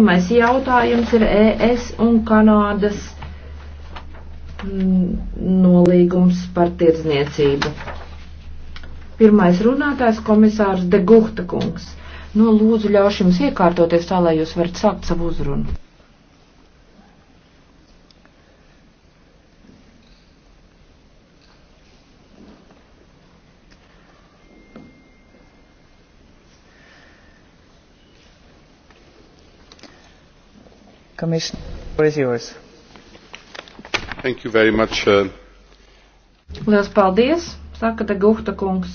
Nākamais jautājums ir ES un Kanādas mm, nolīgums par tirdzniecību. Pirmais runātājs komisārs De Guhta kungs. Nu, lūdzu, ļaušu jums iekārtoties tā, lai jūs varat sākt savu uzrunu. Commissioner, the floor is yours. Thank you very much. Uh... Liels paldies, saka te Guhta kungs.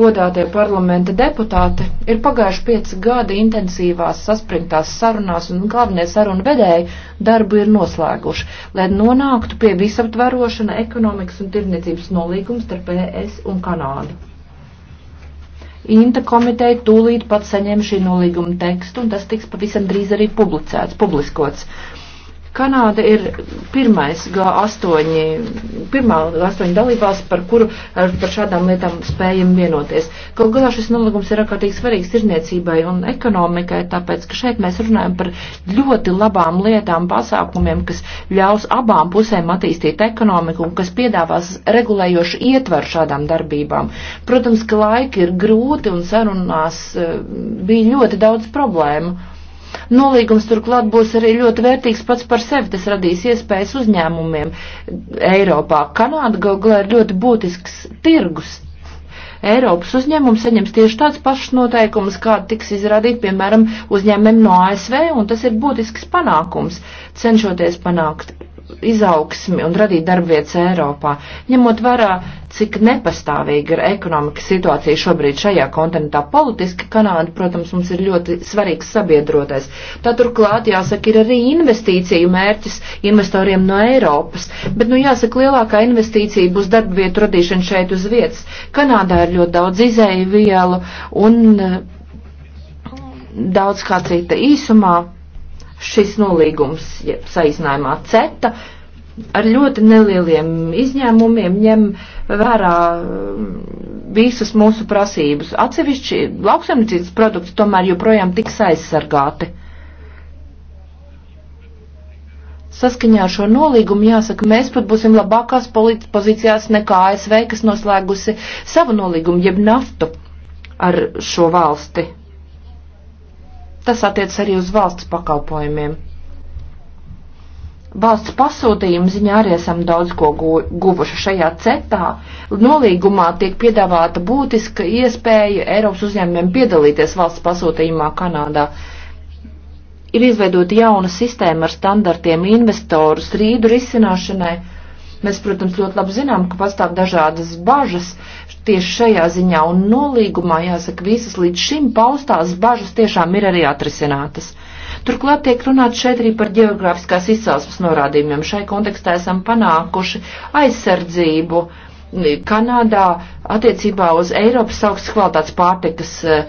Godātie parlamenta deputāti, ir pagājuši pieci gadi intensīvās saspringtās sarunās un galvenie sarunu vedēji darbu ir noslēguši, lai nonāktu pie visaptverošana ekonomikas un tirniecības nolīgums starp ES un Kanādu. Inta komiteja tūlīt pat saņem šī nolīguma tekstu, un tas tiks pavisam drīz arī publicēts, publiskots. Uh, Kanāda ir pirmais G8, pirmā G8 dalībās, par kuru ar, par šādām lietām spējam vienoties. Kaut galā šis nolīgums ir ārkārtīgi svarīgs tirzniecībai un ekonomikai, tāpēc, ka šeit mēs runājam par ļoti labām lietām, pasākumiem, kas ļaus abām pusēm attīstīt ekonomiku un kas piedāvās regulējošu ietvaru šādām darbībām. Protams, ka laiki ir grūti un sarunās eh, bija ļoti daudz problēmu Nolīgums turklāt būs arī ļoti vērtīgs pats par sevi. Tas radīs iespējas uzņēmumiem Eiropā. Kanāda galā ir ļoti būtisks tirgus. Eiropas uzņēmums saņems tieši tāds pašs noteikums, kāda tiks izradīt, piemēram, uzņēmumiem no ASV, un tas ir būtisks panākums, cenšoties panākt izaugsmi un radīt darbvietas Eiropā, ņemot vērā, cik nepastāvīga ir ekonomika situācija šobrīd šajā kontinentā. Politiski Kanāda, protams, mums ir ļoti svarīgs sabiedrotais. Tā turklāt, jāsaka, ir arī investīciju mērķis investoriem no Eiropas, bet, nu, jāsaka, lielākā investīcija būs darbvietu radīšana šeit uz vietas. Kanādā ir ļoti daudz izēju vielu un eh, daudz kā cita īsumā šis nolīgums, ja saīsinājumā CETA, ar ļoti nelieliem izņēmumiem ņem vērā mm, visas mūsu prasības. Atsevišķi lauksaimniecības produkti tomēr joprojām tiks aizsargāti. Saskaņā ar šo nolīgumu jāsaka, mēs pat būsim labākās pozīcijās nekā ASV, kas noslēgusi savu nolīgumu, jeb naftu ar šo valsti. Tas attiec arī uz valsts pakalpojumiem. Valsts pasūtījuma ziņā arī esam daudz ko guvuši šajā cetā. Nolīgumā tiek piedāvāta būtiska iespēja Eiropas uzņēmumiem piedalīties valsts pasūtījumā Kanādā. Ir izveidota jauna sistēma ar standartiem investorus rīdu risināšanai Mēs, protams, ļoti labi zinām, ka pastāv dažādas bažas tieši šajā ziņā, un nolīgumā, jāsaka, visas līdz šim paustās bažas tiešām ir arī atrisinātas. Turklāt tiek runāts šeit arī par geogrāfiskās izcelsmes norādījumiem. Šai kontekstā esam panākuši aizsardzību Kanādā attiecībā uz Eiropas augstas kvalitātes pārtikas eh,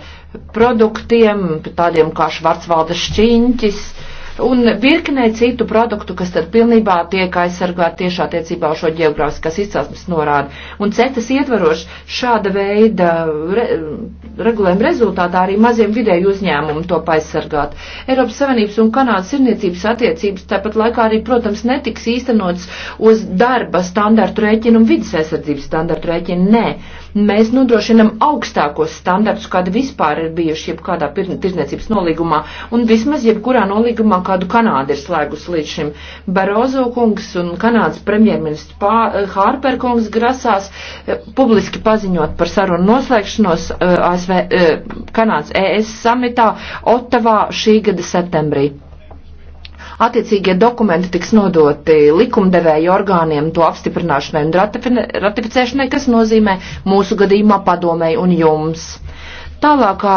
produktiem, tādiem kā švarcvalda šķiņķis, uh, un virknē citu produktu, kas tad pilnībā tiek aizsargāti tiešā tiecībā uz šo geogrāfiskās izcelsmes norādi. Un cetas ietvaroši šāda veida re, regulējuma rezultātā arī maziem vidēju uzņēmumu to aizsargāt. Eiropas Savienības un Kanādas sirniecības attiecības tāpat laikā arī, protams, netiks īstenots uz darba standartu rēķinu un vidas aizsardzības standartu rēķinu. Nē mēs nodrošinam augstākos standartus, kāda vispār ir bijuši jebkādā tirdzniecības nolīgumā, un vismaz jebkurā nolīgumā, kādu Kanāda ir slēgusi līdz šim. Barozo kungs un Kanādas premjerministrs Hārper eh, kungs grasās eh, publiski paziņot par sarunu noslēgšanos eh, ASV, Kanādas ES samitā Ottavā šī gada septembrī. Attiecīgie dokumenti tiks nodoti likumdevēju orgāniem to apstiprināšanai un ratificēšanai, kas nozīmē mūsu gadījumā padomēji un jums. Tālākā,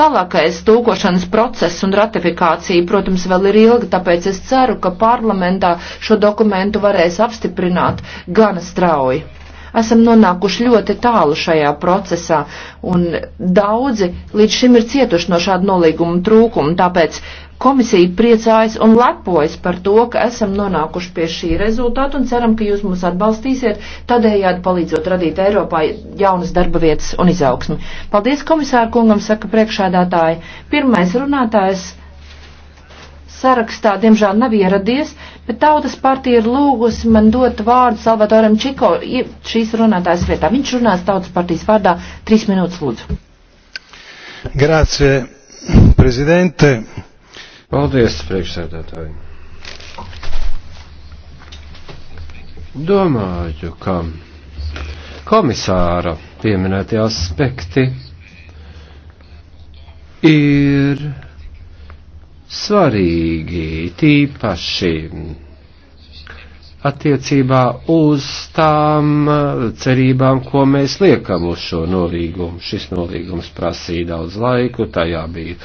tālākais tūkošanas process un ratifikācija, protams, vēl ir ilga, tāpēc es ceru, ka parlamentā šo dokumentu varēs apstiprināt gana strauji esam nonākuši ļoti tālu šajā procesā, un daudzi līdz šim ir cietuši no šāda nolīguma trūkuma, tāpēc Komisija priecājas un lepojas par to, ka esam nonākuši pie šī rezultāta un ceram, ka jūs mūs atbalstīsiet, tādējādi palīdzot radīt Eiropā jaunas darba vietas un izaugsmi. Paldies komisāru kungam, saka priekšādātāji. Pirmais runātājs sarakstā, diemžēl, nav ieradies, bet tautas partija ir lūgusi man dot vārdu Salvatoram Čiko šīs runātājas vietā. Viņš runās tautas partijas vārdā. Trīs minūtes lūdzu. Grazie, prezidente. Paldies, priekšsēdētāji. Domāju, ka komisāra pieminētie aspekti ir svarīgi tīpaši attiecībā uz tām cerībām, ko mēs liekam uz šo nolīgumu. Šis nolīgums prasīja daudz laiku, tajā bija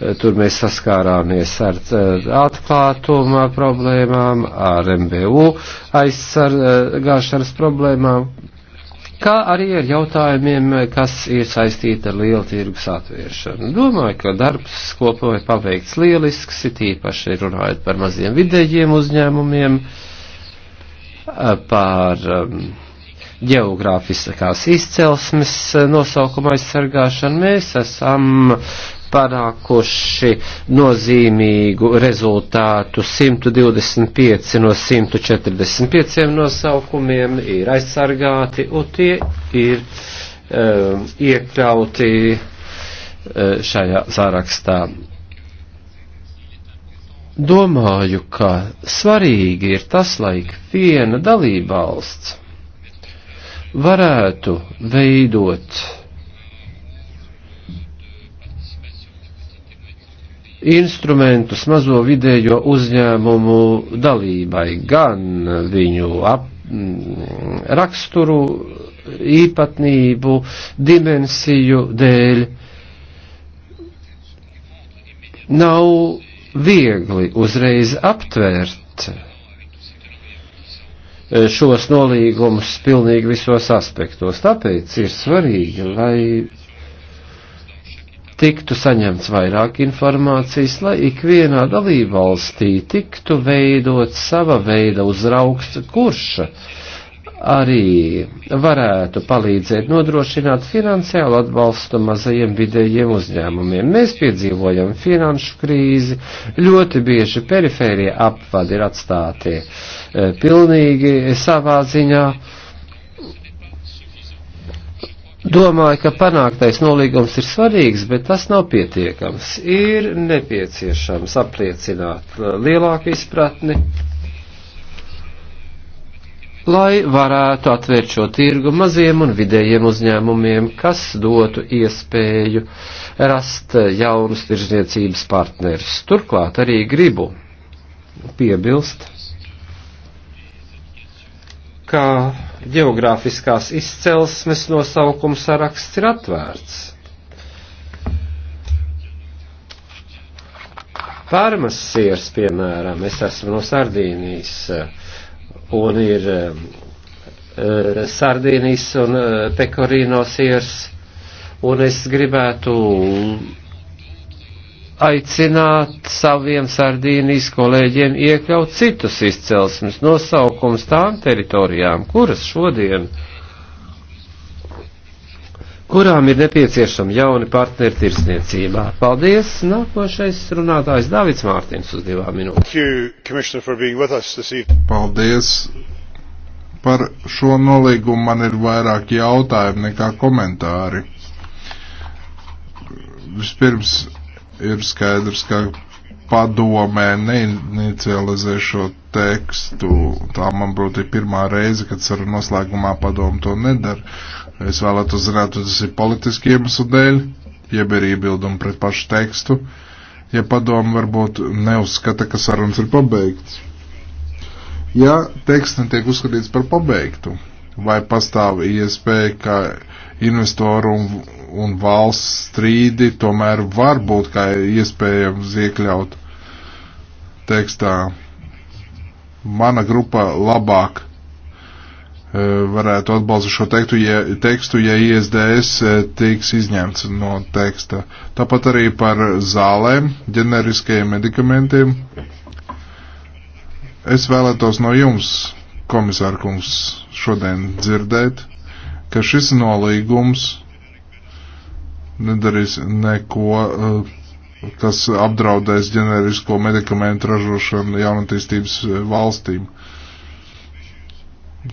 Eh, tur mēs saskārāmies ar eh, atklātuma problēmām, ar MBU aizsargāšanas problēmām, kā arī ar jautājumiem, eh, kas ir saistīti ar lielu tirgus atvēršanu. Domāju, ka darbs kopumā ir paveikts lielisks, it īpaši runājot par maziem vidējiem uzņēmumiem, par um, geogrāfiskās izcelsmes eh, nosaukuma aizsargāšanu, mēs esam panākuši nozīmīgu rezultātu. 125 no 145 nosaukumiem ir aizsargāti, un tie ir um, iekļauti eh, šajā sarakstā. Domāju, ka svarīgi ir tas, lai viena dalībvalsts varētu veidot instrumentus mazo vidējo uzņēmumu dalībai, gan viņu ap, mm, raksturu, īpatnību, dimensiju dēļ. Nav viegli uzreiz aptvērt Eh, šos nolīgumus pilnīgi visos aspektos. Tāpēc ir svarīgi, lai tiktu saņemts vairāk informācijas, lai ikvienā dalībvalstī tiktu veidot sava veida uzraugs, kurš arī varētu palīdzēt nodrošināt finansiālu atbalstu mazajiem vidējiem uzņēmumiem. Mēs piedzīvojam finanšu krīzi, ļoti bieži perifērie apvadi ir atstāti e, pilnīgi savā ziņā. Domāju, ka panāktais nolīgums ir svarīgs, bet tas nav pietiekams. Ir nepieciešams apliecināt lielāku izpratni lai varētu atvērt šo tirgu maziem un vidējiem uzņēmumiem, kas dotu iespēju rast jaunus tirzniecības partnerus. Turklāt arī gribu piebilst, ka geogrāfiskās izcelsmes nosaukuma saraksts ir atvērts. Parmas siers, piemēram, es esmu no Sardīnijas un ir um, uh, sardīnijas un uh, pekorīno sirs, un es gribētu aicināt saviem sardīnijas kolēģiem iekļaut citus izcelsmes nosaukums tām teritorijām, kuras šodien uh, kurām ir nepieciešami jauni partneri tirsniecībā. Paldies! Nākošais runātājs Davids Mārtiņš uz divām minūtēm. Paldies! Par šo nolīgumu man ir vairāk jautājumu nekā komentāri. Vispirms ir skaidrs, ka padomē neinicializē šo tekstu. Tā, man būtu ir pirmā reize, kad saruna noslēgumā padomu to nedara. Es vēlētos zināt, vai tas ir politiski iemeslu dēļ, jeb ir iebildumi pret pašu tekstu, ja padomu varbūt neuzskata, ka sarunas ir pabeigts. Ja teksts netiek uzskatīts par pabeigtu, vai pastāv iespēja, ka investoru un, un valsts strīdi tomēr var būt kā iespējams iekļaut tekstā. Mana grupa labāk Eh, varētu atbalstu šo tekstu, ja, tekstu, ja ISDS eh, tiks izņemts no teksta. Tāpat arī par zālēm, ģeneriskajiem medikamentiem. Es vēlētos no jums, komisārkungs, šodien dzirdēt, ka šis nolīgums nedarīs neko, kas eh, apdraudēs ģenerisko medikamentu ražošanu jaunatīstības valstīm. Uh,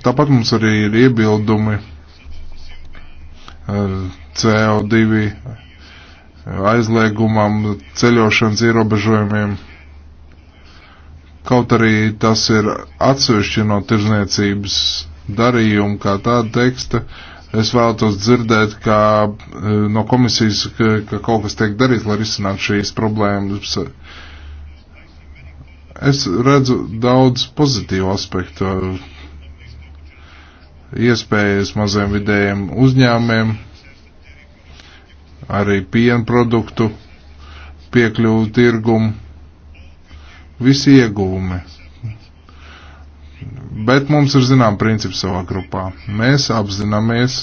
Tāpat mums arī ir iebildumi CO2 aizliegumam, ceļošanas ierobežojumiem. Kaut arī tas ir atsevišķi no tirzniecības darījuma kā tāda teksta, es vēlētos dzirdēt, ka e, no komisijas, ka, ka kaut kas tiek darīts, lai risinātu šīs problēmas. Es redzu daudz pozitīvu aspektu iespējas maziem vidējiem uzņēmiem, arī pienproduktu piekļuvu tirgumu, visi ieguvumi. Bet mums ir zinām princips savā grupā. Mēs apzināmies,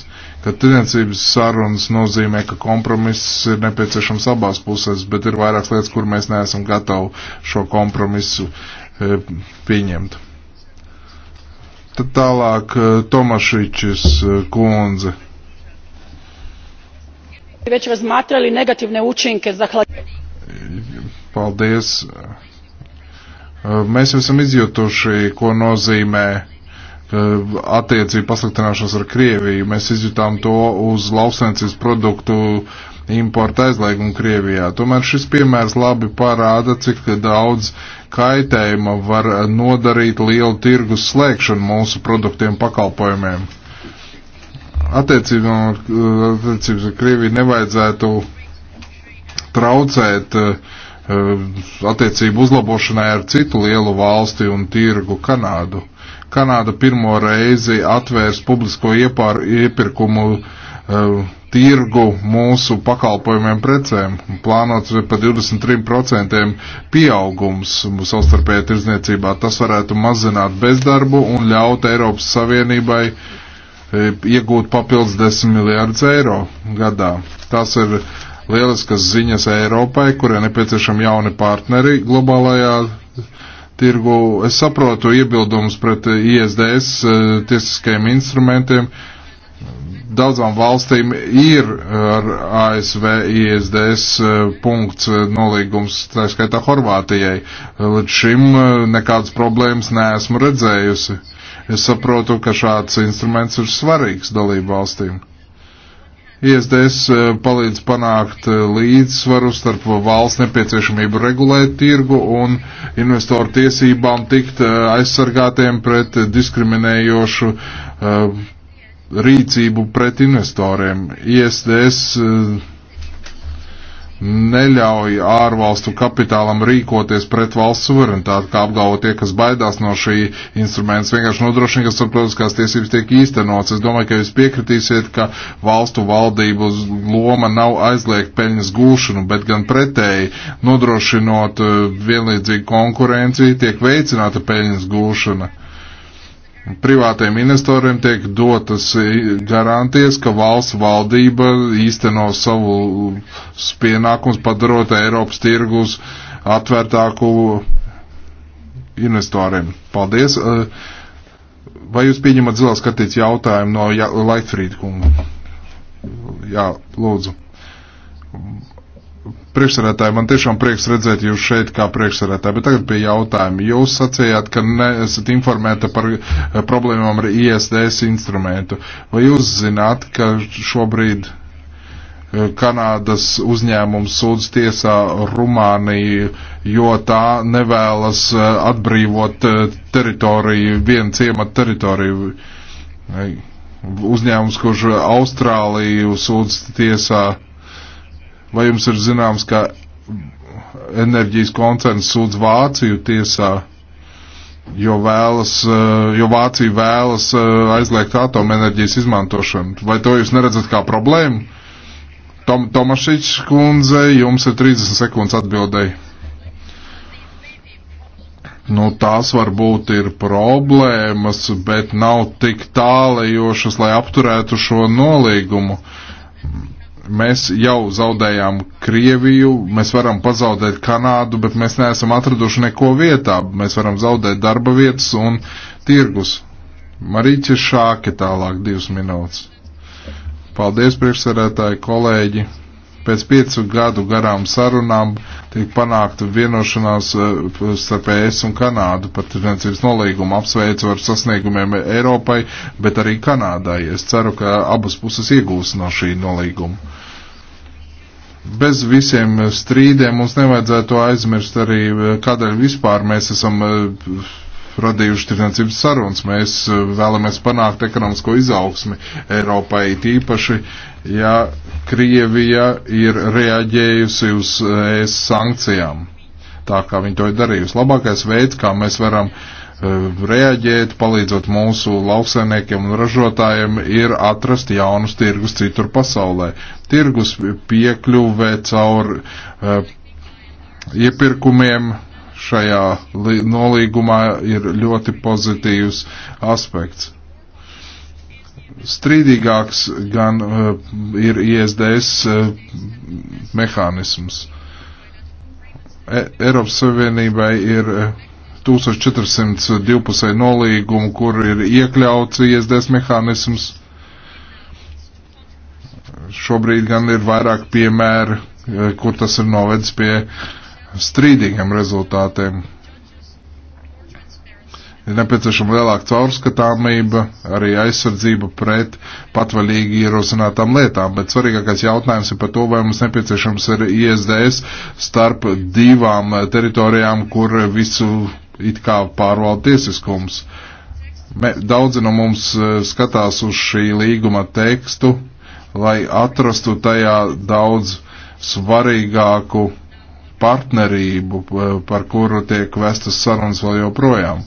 ka tirdzniecības sarunas nozīmē, ka kompromiss ir nepieciešams abās pusēs, bet ir vairākas lietas, kur mēs neesam gatavi šo kompromisu eh, pieņemt. Tad tālāk eh, Tomašičis eh, kundze. Već razmatrali negativne učinke zahlađenja. Paldies. Eh, mēs jau esam izjutuši, ko nozīmē attiecību pasliktināšanos ar Krieviju. Mēs izjutām to uz lauksaimniecības produktu importa aizliegumu Krievijā. Tomēr šis piemērs labi parāda, cik daudz kaitējuma var nodarīt lielu tirgus slēgšanu mūsu produktiem pakalpojumiem. Attiecībā ar Krieviju nevajadzētu traucēt eh, attiecību uzlabošanai ar citu lielu valsti un tirgu Kanādu. Kanāda pirmo reizi atvērs publisko iepār, iepirkumu uh, tirgu mūsu pakalpojumiem precēm. Plānots par 23% pieaugums savstarpējā tirdzniecībā. Tas varētu mazināt bezdarbu un ļaut Eiropas Savienībai e, iegūt papildus 10 miljārdus eiro gadā. Tas ir lieliskas ziņas Eiropai, kurai nepieciešami jauni partneri globālajā tirgu. Es saprotu iebildumus pret ISDS e, tiesiskajiem instrumentiem daudzām valstīm ir eh, ar ASV ISDS eh, punkts eh, nolīgums, tā skaitā Horvātijai. Līdz šim nekādas problēmas neesmu redzējusi. Es saprotu, ka šāds instruments ir svarīgs dalību valstīm. ISDS palīdz panākt līdzsvaru starp valsts nepieciešamību regulēt tirgu un investoru tiesībām tikt aizsargātiem pret diskriminējošu uh, rīcību pret investoriem. ISDS eh, neļauj ārvalstu kapitālam rīkoties pret valsts suverenitāti, kā apgalvo tie, kas baidās no šī instruments, vienkārši nodrošina, ka starptautiskās tiesības tiek īstenots. Es domāju, ka jūs piekritīsiet, ka valstu valdību loma nav aizliegt peļņas gūšanu, bet gan pretēji nodrošinot eh, vienlīdzīgu konkurenci, tiek veicināta peļņas gūšana privātiem investoriem tiek dotas garantijas, ka valsts valdība īsteno savu pienākums padarot Eiropas tirgus atvērtāku investoriem. Paldies! Eh, vai jūs pieņemat zilā skatīts jautājumu no Laitfrīd kunga? Jā, lūdzu priekšsarētāji, man tiešām prieks redzēt jūs šeit kā priekšsarētāji, bet tagad pie jautājuma. Jūs sacījāt, ka neesat informēta par eh, problēmām ar ISDS instrumentu. Vai jūs zināt, ka šobrīd eh, Kanādas uzņēmums sūdz tiesā Rumāniju, jo tā nevēlas eh, atbrīvot teritoriju, vienu ciematu teritoriju. Uzņēmums, kurš Austrāliju sūdz tiesā Vai jums ir zināms, ka enerģijas koncerns sūdz Vāciju tiesā, jo, vēlas, eh, jo Vācija vēlas eh, aizliegt atomenerģijas izmantošanu? Vai to jūs neredzat kā problēmu? Tom, Tomašiņš kundze, jums ir 30 sekundes atbildēji. Nu, tās varbūt ir problēmas, bet nav tik tālajošas, lai apturētu šo nolīgumu. Mēs jau zaudējām Krieviju, mēs varam pazaudēt Kanādu, bet mēs neesam atraduši neko vietā. Mēs varam zaudēt darba vietas un tirgus. Marīķa Šāke tālāk divas minūtes. Paldies, priekšsarētāji, kolēģi! Pēc piecu gadu garām sarunām tiek panākta vienošanās eh, starp ES un Kanādu par tirdzniecības nolīgumu. Apsveicu ar sasniegumiem Eiropai, bet arī Kanādai. Es ceru, ka abas puses iegūs no šī nolīguma bez visiem strīdiem mums nevajadzētu aizmirst arī, eh, kādēļ vispār mēs esam eh, radījuši tirdzniecības sarunas. Mēs eh, vēlamies panākt ekonomisko izaugsmi Eiropai tīpaši, ja Krievija ir reaģējusi uz eh, ES sankcijām, tā kā viņi to ir darījusi. Labākais veids, kā mēs varam eh, reaģēt, palīdzot mūsu lauksaimniekiem un ražotājiem, ir atrast jaunus tirgus citur pasaulē. Tirgus piekļuvē caur uh, iepirkumiem, šajā nolīgumā ir ļoti pozitīvs aspekts. Strīdīgāks gan uh, ir ISDS uh, eh, mehānisms. E Eiropas Savienībai ir uh, eh, 1400 divpusēju nolīgumu, kur ir iekļauts ISDS mehānisms. Šobrīd gan ir vairāk piemēru, kur tas ir novedis pie uh, strīdīgiem rezultātiem. Ir nepieciešama lielāka caurskatāmība, arī aizsardzība pret patvaļīgi ierosinātām lietām, bet svarīgākais jautājums ir par to, vai mums nepieciešams ir ISDS starp divām teritorijām, kur visu it kā pārvalda tiesiskums. Me, daudzi no mums e, skatās uz šī līguma tekstu, lai atrastu tajā daudz svarīgāku partnerību, par kuru tiek vestas sarunas vēl joprojām.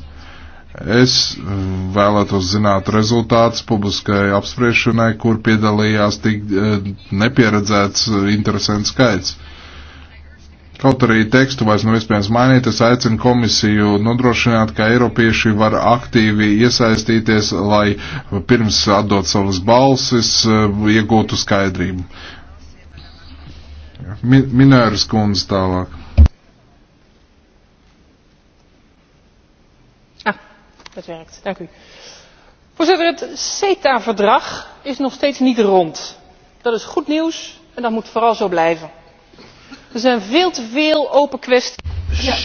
Es mm, vēlētos zināt rezultātus publiskai apspriešanai, kur piedalījās tik eh, nepieredzēts interesants skaits. Kaut arī tekstu vairs nav nu iespējams mainīt, es aicinu komisiju nodrošināt, ka eiropieši var aktīvi iesaistīties, lai pirms atdot savas balsis, eh, iegūtu skaidrību. Minēras kundze tālāk. Ah, dat werkt. Dank u. Voorzitter, het CETA-verdrag is nog steeds niet rond. Dat is goed nieuws en dat moet vooral zo blijven. Er zijn veel te veel open kwesties. Ja.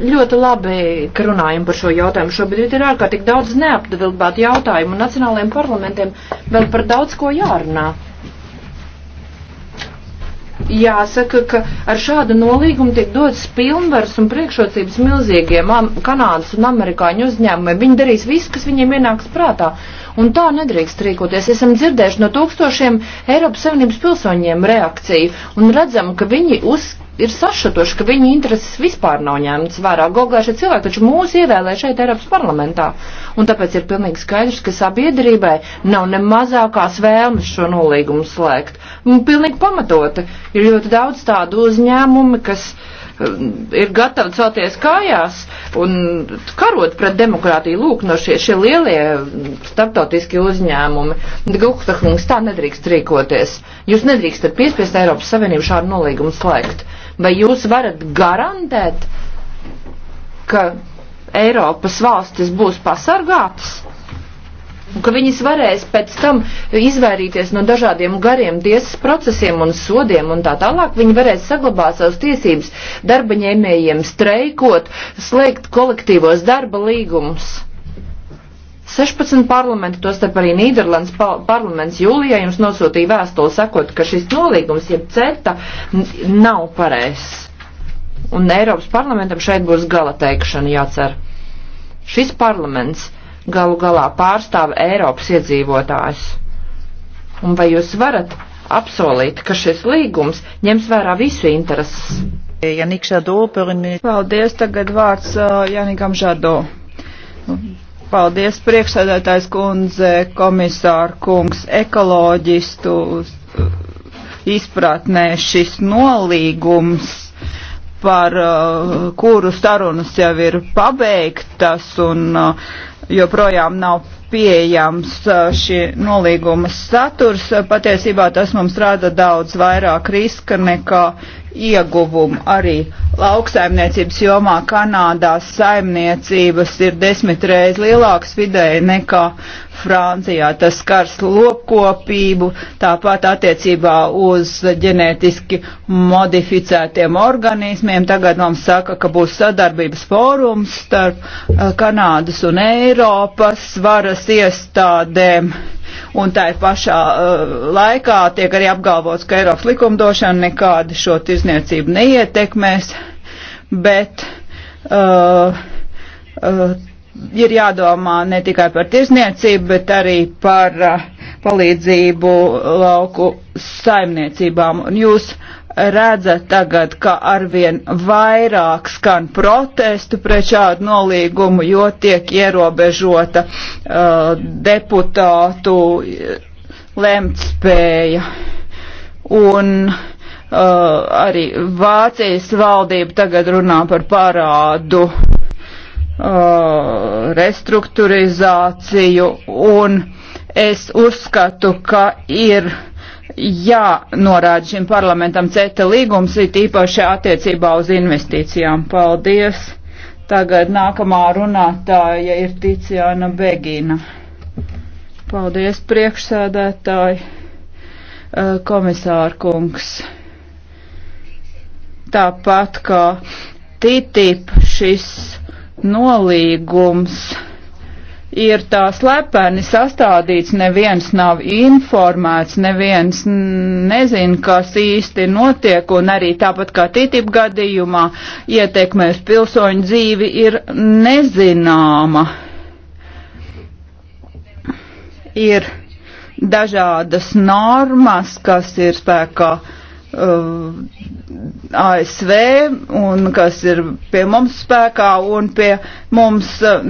Ļoti labi, ka runājam par šo jautājumu. Šobrīd ir ārkārtīgi daudz neapdvilbātu jautājumu un nacionālajiem parlamentiem vēl par daudz ko jārunā jāsaka, ka ar šādu nolīgumu tiek dots pilnvars un priekšrocības milzīgiem Kanādas un amerikāņu uzņēmumiem. Viņi darīs visu, kas viņiem ienāks prātā. Un tā nedrīkst rīkoties. Esam dzirdējuši no tūkstošiem Eiropas Savienības pilsoņiem reakciju un redzam, ka viņi uz, ir sašutuši, ka viņu intereses vispār nav ņemts vērā. Galvā šie cilvēki taču mūs ievēlēja šeit Eiropas parlamentā. Un tāpēc ir pilnīgi skaidrs, ka sabiedrībai nav ne mazākās vēlmes šo nolīgumu slēgt. Un pilnīgi pamatoti ir ļoti daudz tādu uzņēmumu, kas um, ir gatavi celties kājās un karot pret demokrātiju lūk no šie, šie lielie um, starptautiskie uzņēmumi. Gukta kungs, tā nedrīkst rīkoties. Jūs nedrīkstat piespiest Eiropas Savienību šādu nolīgumu slēgt. Uh, Vai jūs varat garantēt, ka Eiropas valstis būs pasargātas? Un ka viņas varēs pēc tam izvairīties no dažādiem gariem tiesas procesiem un sodiem un tā tālāk. Viņi varēs saglabāt savas tiesības darba ņēmējiem streikot, slēgt kolektīvos darba līgumus. 16 parlamenti, tostarp arī Nīderlandes parlaments jūlijā jums nosūtīja vēstuli sakot, ka šis nolīgums, jeb CETA, nav pareizs. Un Eiropas parlamentam šeit būs gala teikšana jācer. Šis parlaments galu galā pārstāv Eiropas iedzīvotājus. Un vai jūs varat apsolīt, ka šis līgums ņems vērā visu intereses? Janik Žado, par minūti. Paldies, tagad vārds uh, Janikam Žado. Paldies, priekšsēdētājs kundze, komisāra kungs, ekoloģistu uh, izpratnē šis nolīgums par uh, kuru sarunas jau ir pabeigtas un uh, joprojām nav pieejams uh, šī nolīguma saturs. Patiesībā tas mums rada daudz vairāk riska nekā ieguvumu arī lauksaimniecības jomā Kanādā saimniecības ir desmitreiz lielākas vidēji nekā Francijā. Tas skars lopkopību, tāpat attiecībā uz ģenētiski modificētiem organismiem. Tagad mums saka, ka būs sadarbības fórums starp eh, Kanādas un Eiropas varas iestādēm un tā pašā uh, laikā tiek arī apgalvots, ka Eiropas likumdošana nekādi šo tirzniecību neietekmēs, bet uh, uh, ir jādomā ne tikai par tirzniecību, bet arī par uh, palīdzību lauku saimniecībām. Un jūs redzat tagad, ka arvien vairāk skan protestu pret šādu nolīgumu, jo tiek ierobežota uh, deputātu uh, lemtspēja. Un uh, arī Vācijas valdība tagad runā par parādu uh, restruktūrizāciju un Es uzskatu, ka ir jānorāda šim parlamentam CETA līgums, it īpaši attiecībā uz investīcijām. Paldies! Tagad nākamā runātāja ir Ticiāna Begina. Paldies, priekšsēdētāji, komisārkungs. Tāpat kā TTIP šis nolīgums ir tā slepeni sastādīts, neviens nav informēts, neviens nezin, kas īsti notiek, un arī tāpat kā TTIP gadījumā ietekmēs pilsoņu dzīvi ir nezināma. Ir dažādas normas, kas ir spēkā Uh, ASV un kas ir pie mums spēkā un pie mums uh,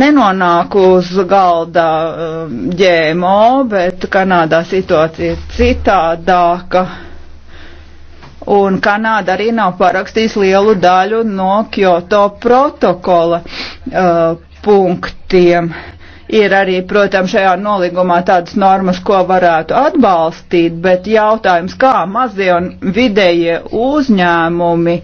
nenonāk uz galda uh, ģēmo, bet Kanādā situācija ir citādāka. Un Kanāda arī nav parakstījis lielu daļu no Kyoto protokola uh, punktiem. Uh, Ir arī, protams, šajā nolīgumā tādas normas, ko varētu atbalstīt, bet jautājums, kā mazie un vidējie uzņēmumi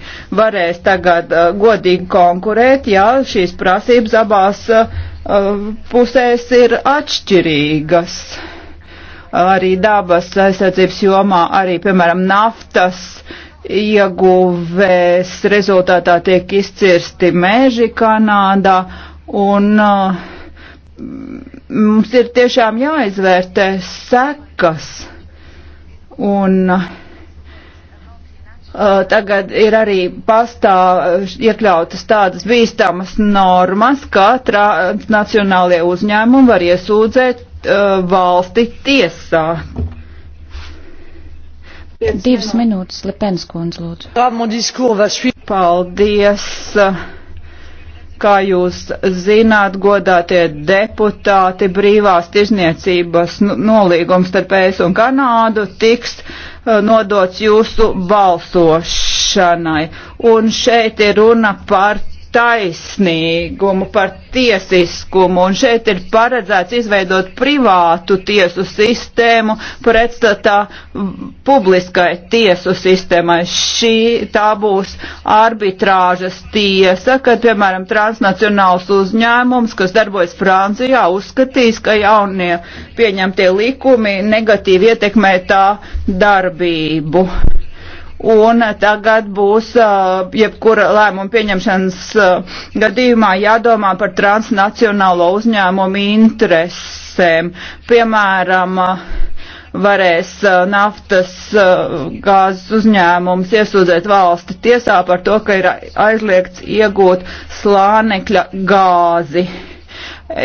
varēs tagad uh, godīgi konkurēt, ja šīs prasības abās uh, pusēs ir atšķirīgas. Arī dabas aizsardzības jomā, arī, piemēram, naftas ieguvēs rezultātā tiek izcirsti meži Kanādā un uh, mums ir tiešām jāizvērtē sekas. Un uh, tagad ir arī pastāv iekļautas tādas bīstamas normas, ka nacionālie uzņēmumi var iesūdzēt uh, valsti tiesā. Divas minūtes, Lepenskundze, lūdzu. Paldies. Uh, Kā jūs zināt, godātie deputāti, brīvās tirzniecības nu, nolīgums starp ES un Kanādu tiks eh, nodots jūsu balsošanai. Un šeit ir runa par taisnīgumu, par tiesiskumu, un šeit ir paredzēts izveidot privātu tiesu sistēmu pretstatā publiskai tiesu sistēmai. Šī tā būs arbitrāžas tiesa, kad, piemēram, transnacionāls uzņēmums, kas darbojas Francijā, uzskatīs, ka jaunie pieņemtie likumi negatīvi ietekmē tā darbību un tagad būs uh, jebkura lēmuma pieņemšanas uh, gadījumā jādomā par transnacionālo uzņēmumu interesēm. Piemēram, uh, varēs naftas gāzes uzņēmums iesūdzēt valsti tiesā par to, ka ir aizliegts iegūt slānekļa gāzi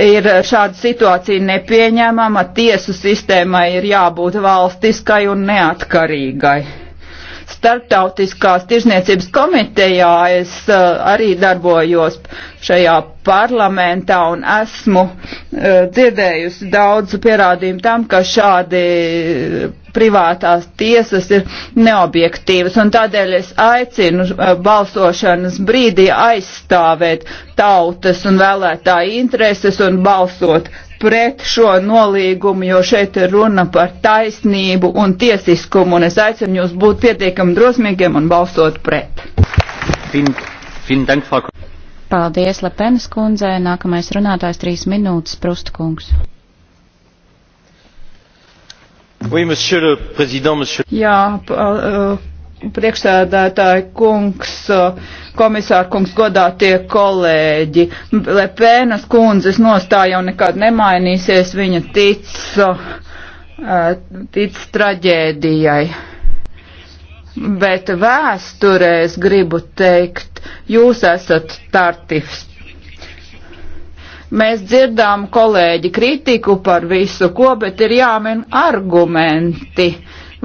ir šāda situācija nepieņēmama, tiesu sistēmai ir jābūt valstiskai un neatkarīgai starptautiskās tirzniecības komitejā es uh, arī darbojos šajā parlamentā un esmu uh, dzirdējusi daudz pierādījumu tam, ka šādi privātās tiesas ir neobjektīvas un tādēļ es aicinu uh, balsošanas brīdī aizstāvēt tautas un vēlētāju intereses un balsot pret šo nolīgumu, jo šeit ir runa par taisnību un tiesiskumu, un es aicinu jūs būt pietiekami drosmīgiem un balsot pret. Fin, fin dank, Paldies, Lepenes kundze. Nākamais runātājs trīs minūtes, Prustkungs. Oui, monsieur le président, monsieur. Jā, pa, uh, priekšsēdētāji kungs, komisāra kungs, godātie kolēģi. Lepēnas kundzes nostāja jau nekad nemainīsies, viņa tic, tic traģēdijai. Bet vēsturē es gribu teikt, jūs esat tartifs mēs dzirdām kolēģi kritiku par visu ko, bet ir jāmin argumenti,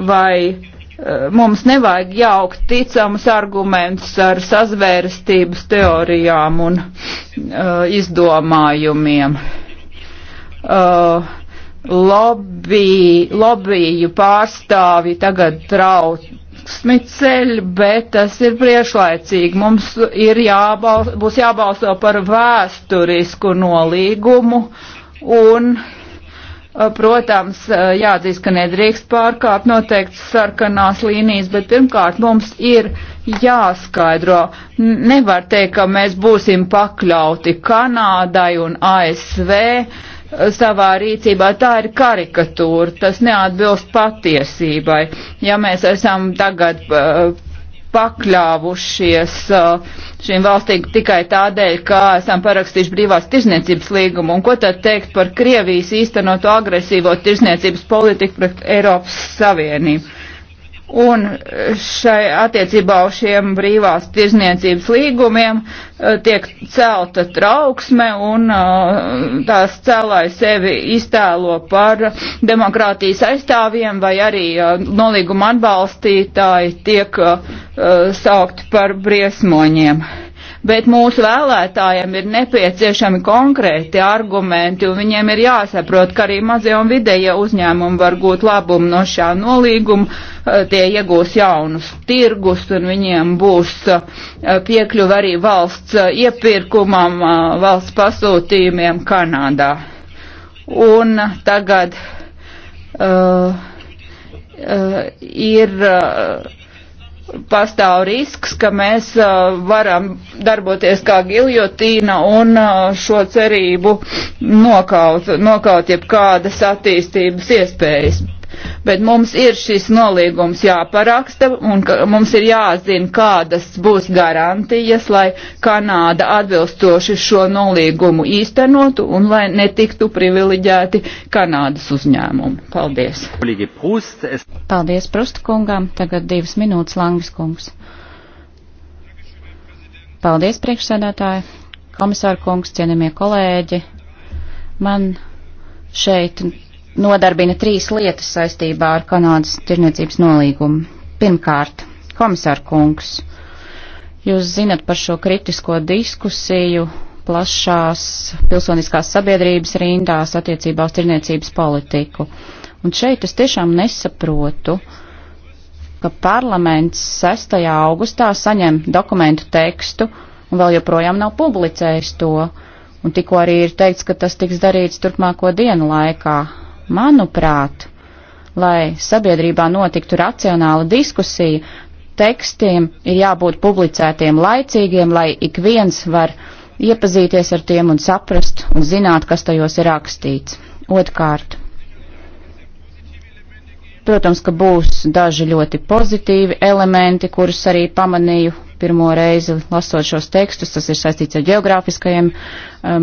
vai Eh, mums nevajag jaukt ticamus argumentus ar sazvērestības teorijām un uh, izdomājumiem. Uh, lobby, lobbyju pārstāvi tagad trauksmi ceļ, bet tas ir priešlaicīgi. Mums ir jābalso, būs jābalso par vēsturisku nolīgumu un uh, Eh, protams, eh, jāatzīst, ka nedrīkst pārkāpt noteikti sarkanās līnijas, bet pirmkārt mums ir jāskaidro. Nevar teikt, ka mēs būsim pakļauti Kanādai un ASV eh, savā rīcībā. Tā ir karikatūra, tas neatbilst patiesībai. Ja mēs esam tagad uh, pakļāvušies uh, šīm valstīm tikai tādēļ, ka esam parakstījuši brīvās tirzniecības līgumu. Un ko tad teikt par Krievijas īstenoto agresīvo tirzniecības politiku pret Eiropas Savienību? Un šai attiecībā uz šiem brīvās tirzniecības līgumiem eh, tiek celta trauksme un eh, tās celāji sevi iztēlo par demokrātijas aizstāvjiem vai arī eh, nolīguma atbalstītāji tiek saukti par briesmoņiem bet mūsu vēlētājiem ir nepieciešami konkrēti argumenti, un viņiem ir jāsaprot, ka arī mazie un vidējie uzņēmumi var gūt labumu no šā nolīguma, eh, tie iegūs jaunus tirgus, un viņiem būs eh, piekļuva arī valsts eh, iepirkumam, valsts pasūtījumiem Kanādā. Un tagad uh, uh, ir. Uh, pastāv risks, ka mēs uh, varam darboties kā giljotīna un uh, šo cerību nokaut, nokaut jeb kādas attīstības iespējas bet mums ir šis nolīgums jāparaksta un mums ir jāzina, kādas būs garantijas, lai Kanāda atbilstoši šo nolīgumu īstenotu un lai netiktu privileģēti Kanādas uzņēmumi. Paldies. Paldies Prustkungam. Tagad divas minūtes Langas kungs. Paldies priekšsēdētāji, komisāra kungs, cienījamie kolēģi. Man šeit nodarbina trīs lietas saistībā ar Kanādas tirniecības nolīgumu. Pirmkārt, komisār kungs, jūs zinat par šo kritisko diskusiju plašās pilsoniskās sabiedrības rindās attiecībā uz tirniecības politiku. Un šeit es tiešām nesaprotu, ka parlaments 6. augustā saņem dokumentu tekstu un vēl joprojām nav publicējis to. Un tikko arī ir teikts, ka tas tiks darīts turpmāko dienu laikā. Manuprāt, lai sabiedrībā notiktu racionāla diskusija, tekstiem ir jābūt publicētiem laicīgiem, lai ik viens var iepazīties ar tiem un saprast un zināt, kas tajos ir rakstīts. Otkārt, protams, ka būs daži ļoti pozitīvi elementi, kurus arī pamanīju pirmo reizi lasot šos tekstus, tas ir saistīts ar geogrāfiskajiem eh,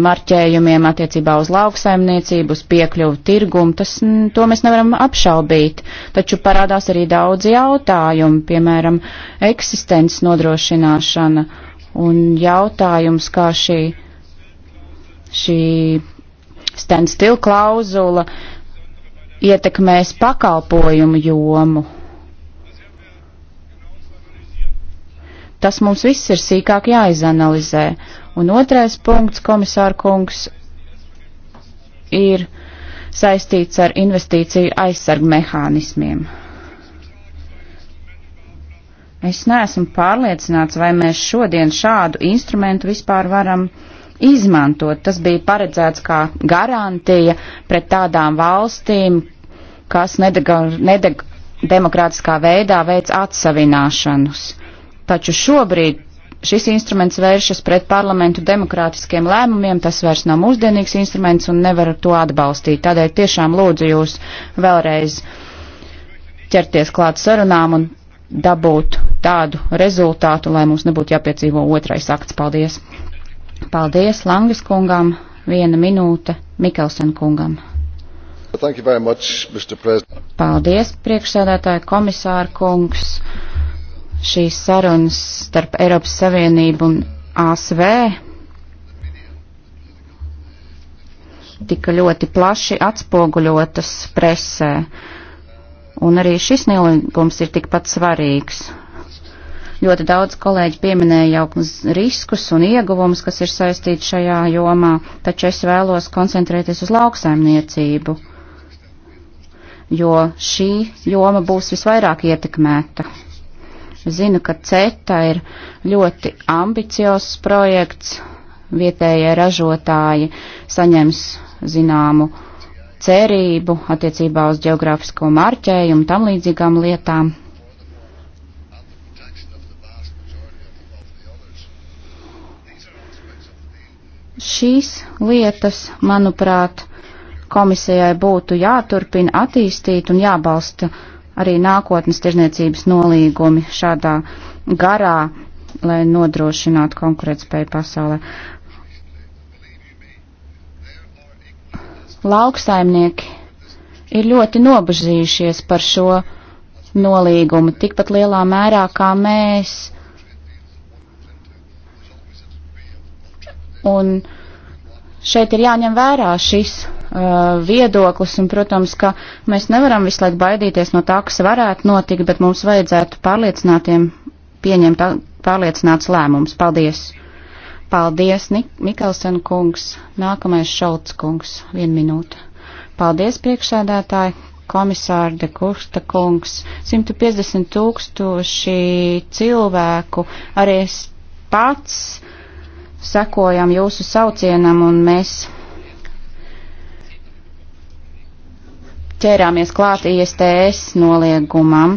marķējumiem attiecībā uz lauksaimniecību, uz piekļuvu tirgumu, tas, to mēs nevaram apšaubīt, taču parādās arī daudz jautājumu, piemēram, eksistences nodrošināšana un jautājums, kā šī, šī standstill klauzula ietekmēs pakalpojumu jomu. Tas mums viss ir sīkāk jāizanalizē. Un otrais punkts, komisāra kungs, ir saistīts ar investīciju aizsargu mehānismiem. Es neesmu pārliecināts, vai mēs šodien šādu instrumentu vispār varam izmantot. Tas bija paredzēts kā garantija pret tādām valstīm, kas nedeg, nedeg demokrātiskā veidā veic atsavināšanus. Taču šobrīd šis instruments vēršas pret parlamentu demokrātiskiem lēmumiem, tas vairs nav mūsdienīgs instruments un nevar to atbalstīt. Tādēļ tiešām lūdzu jūs vēlreiz ķerties klāt sarunām un dabūt tādu rezultātu, lai mums nebūtu jāpiedzīvo otrais akts. Paldies! Paldies Langas kungam, viena minūte Mikelsen kungam. Much, Paldies, priekšsēdētāja komisāra kungs šīs sarunas starp Eiropas Savienību un ASV tika ļoti plaši atspoguļotas presē. Un arī šis nolīgums ir tikpat svarīgs. Ļoti daudz kolēģi pieminēja jau riskus un ieguvumus, kas ir saistīti šajā jomā, taču es vēlos koncentrēties uz lauksaimniecību, jo šī joma būs visvairāk ietekmēta Zinu, ka CETA ir ļoti ambiciozs projekts, vietējie ražotāji saņems zināmu cerību attiecībā uz geogrāfisko marķējumu tam līdzīgām lietām. Šīs lietas, manuprāt, komisijai būtu jāturpina attīstīt un jābalsta uh, arī nākotnes tirzniecības nolīgumi šādā garā, lai nodrošinātu konkurētspēju pasaulē. Lauksaimnieki ir ļoti nobežījušies par šo nolīgumu, tikpat lielā mērā kā mēs. Un šeit ir jāņem vērā šis uh, viedoklis, un, protams, ka mēs nevaram visu laiku baidīties no tā, kas varētu notikt, bet mums vajadzētu pārliecinātiem pieņemt pārliecināts lēmums. Paldies! Paldies, Nik Mikelsen kungs! Nākamais Šolts kungs, viena minūte. Paldies, priekšsēdētāji! komisāra de Kusta kungs, 150 tūkstoši cilvēku, arī es pats sekojam jūsu saucienam un mēs ķērāmies klāt ISTS noliegumam,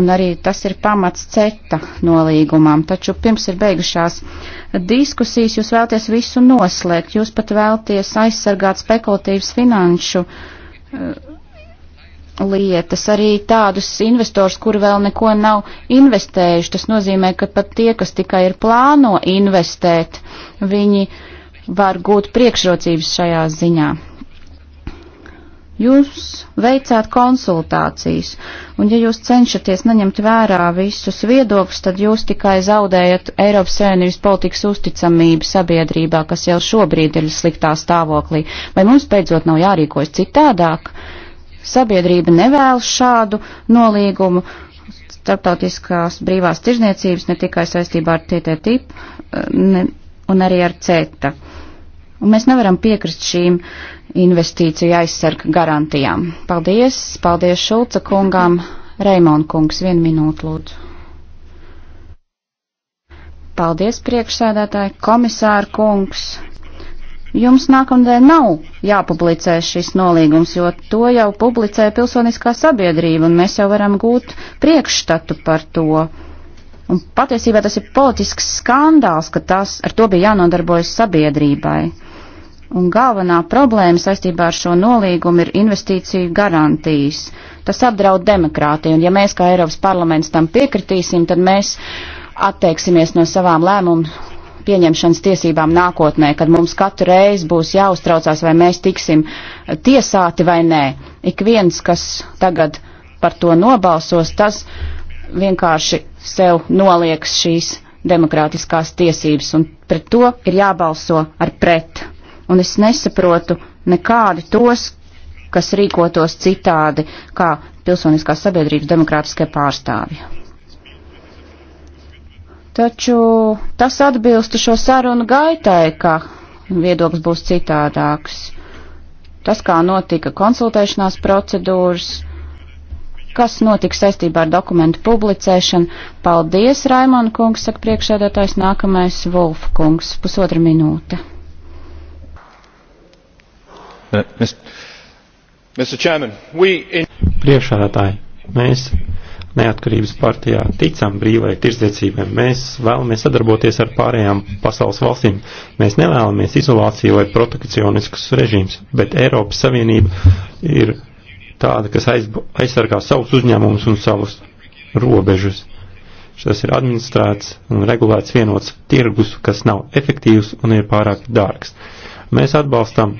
un arī tas ir pamats CETA nolīgumam. Taču pirms ir beigušās diskusijas, jūs vēlties visu noslēgt, jūs pat vēlties aizsargāt spekulatīvas finanšu uh, lietas, arī tādus investors, kuri vēl neko nav investējuši. Tas nozīmē, ka pat tie, kas tikai ir plāno investēt, viņi var gūt priekšrocības šajā ziņā. Jūs veicāt konsultācijas, un ja jūs cenšaties neņemt vērā visus viedokļus, tad jūs tikai zaudējat Eiropas Savienības politikas uzticamību sabiedrībā, kas jau šobrīd ir sliktā stāvoklī. Vai mums beidzot nav jārīkojas citādāk? Uh, Sabiedrība nevēlas šādu nolīgumu starptautiskās brīvās tirzniecības ne tikai saistībā ar TTIP eh, ne, un arī ar CETA. Un mēs nevaram piekrist šīm investīciju aizsarga garantijām. Paldies, paldies Šulca kungam, Reimon kungs, vienu minūtu lūdzu. Paldies, priekšsēdētāji, komisāra kungs. Jums nākamdēļ nav jāpublicē šis nolīgums, jo to jau publicē pilsoniskā sabiedrība, un mēs jau varam gūt priekšstatu par to. Un patiesībā tas ir politisks skandāls, ka tas ar to bija jānodarbojas sabiedrībai. Un galvenā problēma saistībā ar šo nolīgumu ir investīciju garantijas. Tas apdraud demokrātiju, un ja mēs kā Eiropas parlaments tam piekritīsim, tad mēs atteiksimies no savām lēmumu pieņemšanas tiesībām nākotnē, kad mums katru reizi būs jāuztraucās, vai mēs tiksim tiesāti vai nē. Ik viens, kas tagad par to nobalsos, tas vienkārši sev nolieks šīs demokrātiskās tiesības, un pret to ir jābalso ar pret. Un es nesaprotu nekādi tos, kas rīkotos citādi, kā pilsoniskās sabiedrības demokrātiskie pārstāvji. Taču tas atbilstu šo sarunu gaitai, ka viedoklis būs citādāks. Tas, kā notika konsultēšanās procedūras, kas notika saistībā ar dokumentu publicēšanu. Paldies, Raimon kungs, saka priekšēdētājs nākamais Wolf kungs, pusotra minūte. Uh, Priekšādātāji, mēs neatkarības partijā ticam brīvai tirdzniecībai. Mēs vēlamies sadarboties ar pārējām pasaules valstīm. Mēs nevēlamies izolāciju vai protekcioniskus režīmus, bet Eiropas Savienība ir tāda, kas aiz, aizsargā savus uzņēmumus un savus robežus. Tas ir administrēts un regulēts vienots tirgus, kas nav efektīvs un ir pārāk dārgs. Mēs atbalstam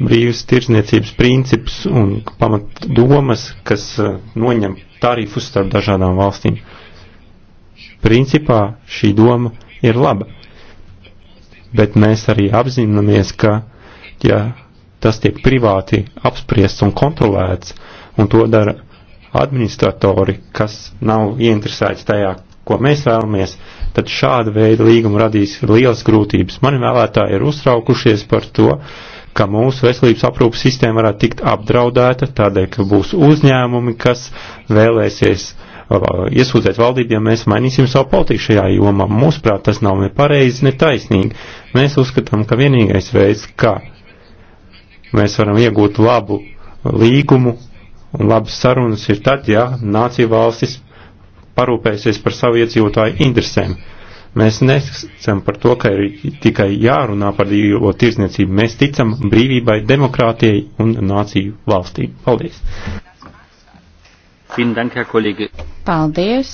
brīvas tirzniecības princips un pamat domas, kas eh, noņem tarifus starp dažādām valstīm. Principā šī doma ir laba, bet mēs arī apzināmies, ka, ja tas tiek privāti apspriests un kontrolēts, un to dara administratori, kas nav ieinteresēti tajā, ko mēs vēlamies, tad šāda veida līguma radīs lielas grūtības. Mani vēlētāji ir uztraukušies par to, uh, ka mūsu veselības aprūpas sistēma varētu tikt apdraudēta tādēļ, ka būs uzņēmumi, kas vēlēsies iesūdzēt valdību, ja mēs mainīsim savu politiku šajā jomā. Mūsuprāt, tas nav nepareizi, netaisnīgi. Mēs uzskatām, ka vienīgais veids, kā mēs varam iegūt labu līgumu un labas sarunas, ir tad, ja nācija valstis parūpēsies par savu iedzīvotāju interesēm. Mēs nesam par to, ka ir tikai jārunā par brīvo tirzniecību. Mēs ticam brīvībai, demokrātijai un nāciju valstīm. Paldies! Paldies!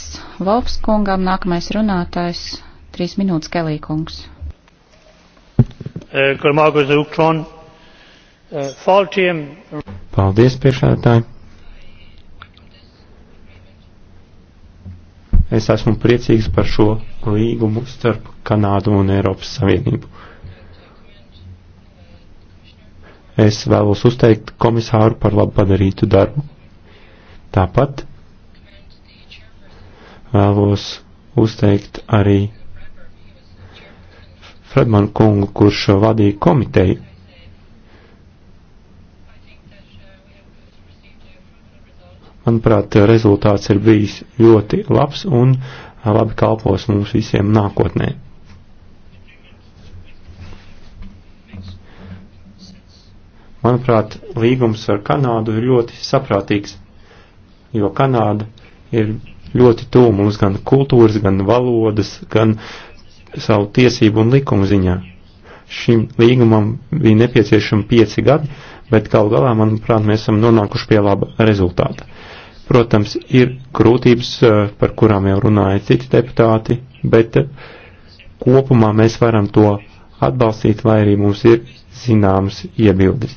Volks kungam nākamais runātājs - trīs minūtes Kelī kungs. Eh, eh, Paldies, priekšādātāji! Es esmu priecīgs par šo līgumu starp Kanādu un Eiropas Savienību. Es vēlos uzteikt komisāru par labu padarītu darbu. Tāpat vēlos uzteikt arī Fredmanu kungu, kurš vadīja komiteju. Manuprāt, rezultāts ir bijis ļoti labs un uh, labi kalpos mums visiem nākotnē. Manuprāt, līgums ar Kanādu ir ļoti saprātīgs, jo Kanāda ir ļoti tuvu mums gan kultūras, gan valodas, gan savu tiesību un likumu ziņā. Šim līgumam bija nepieciešami pieci gadi, bet galu galā, manuprāt, mēs esam nonākuši pie laba rezultāta. Protams, ir grūtības, eh, par kurām jau runāja citi deputāti, bet eh, kopumā mēs varam to atbalstīt, vai arī mums ir zināmas iebildes.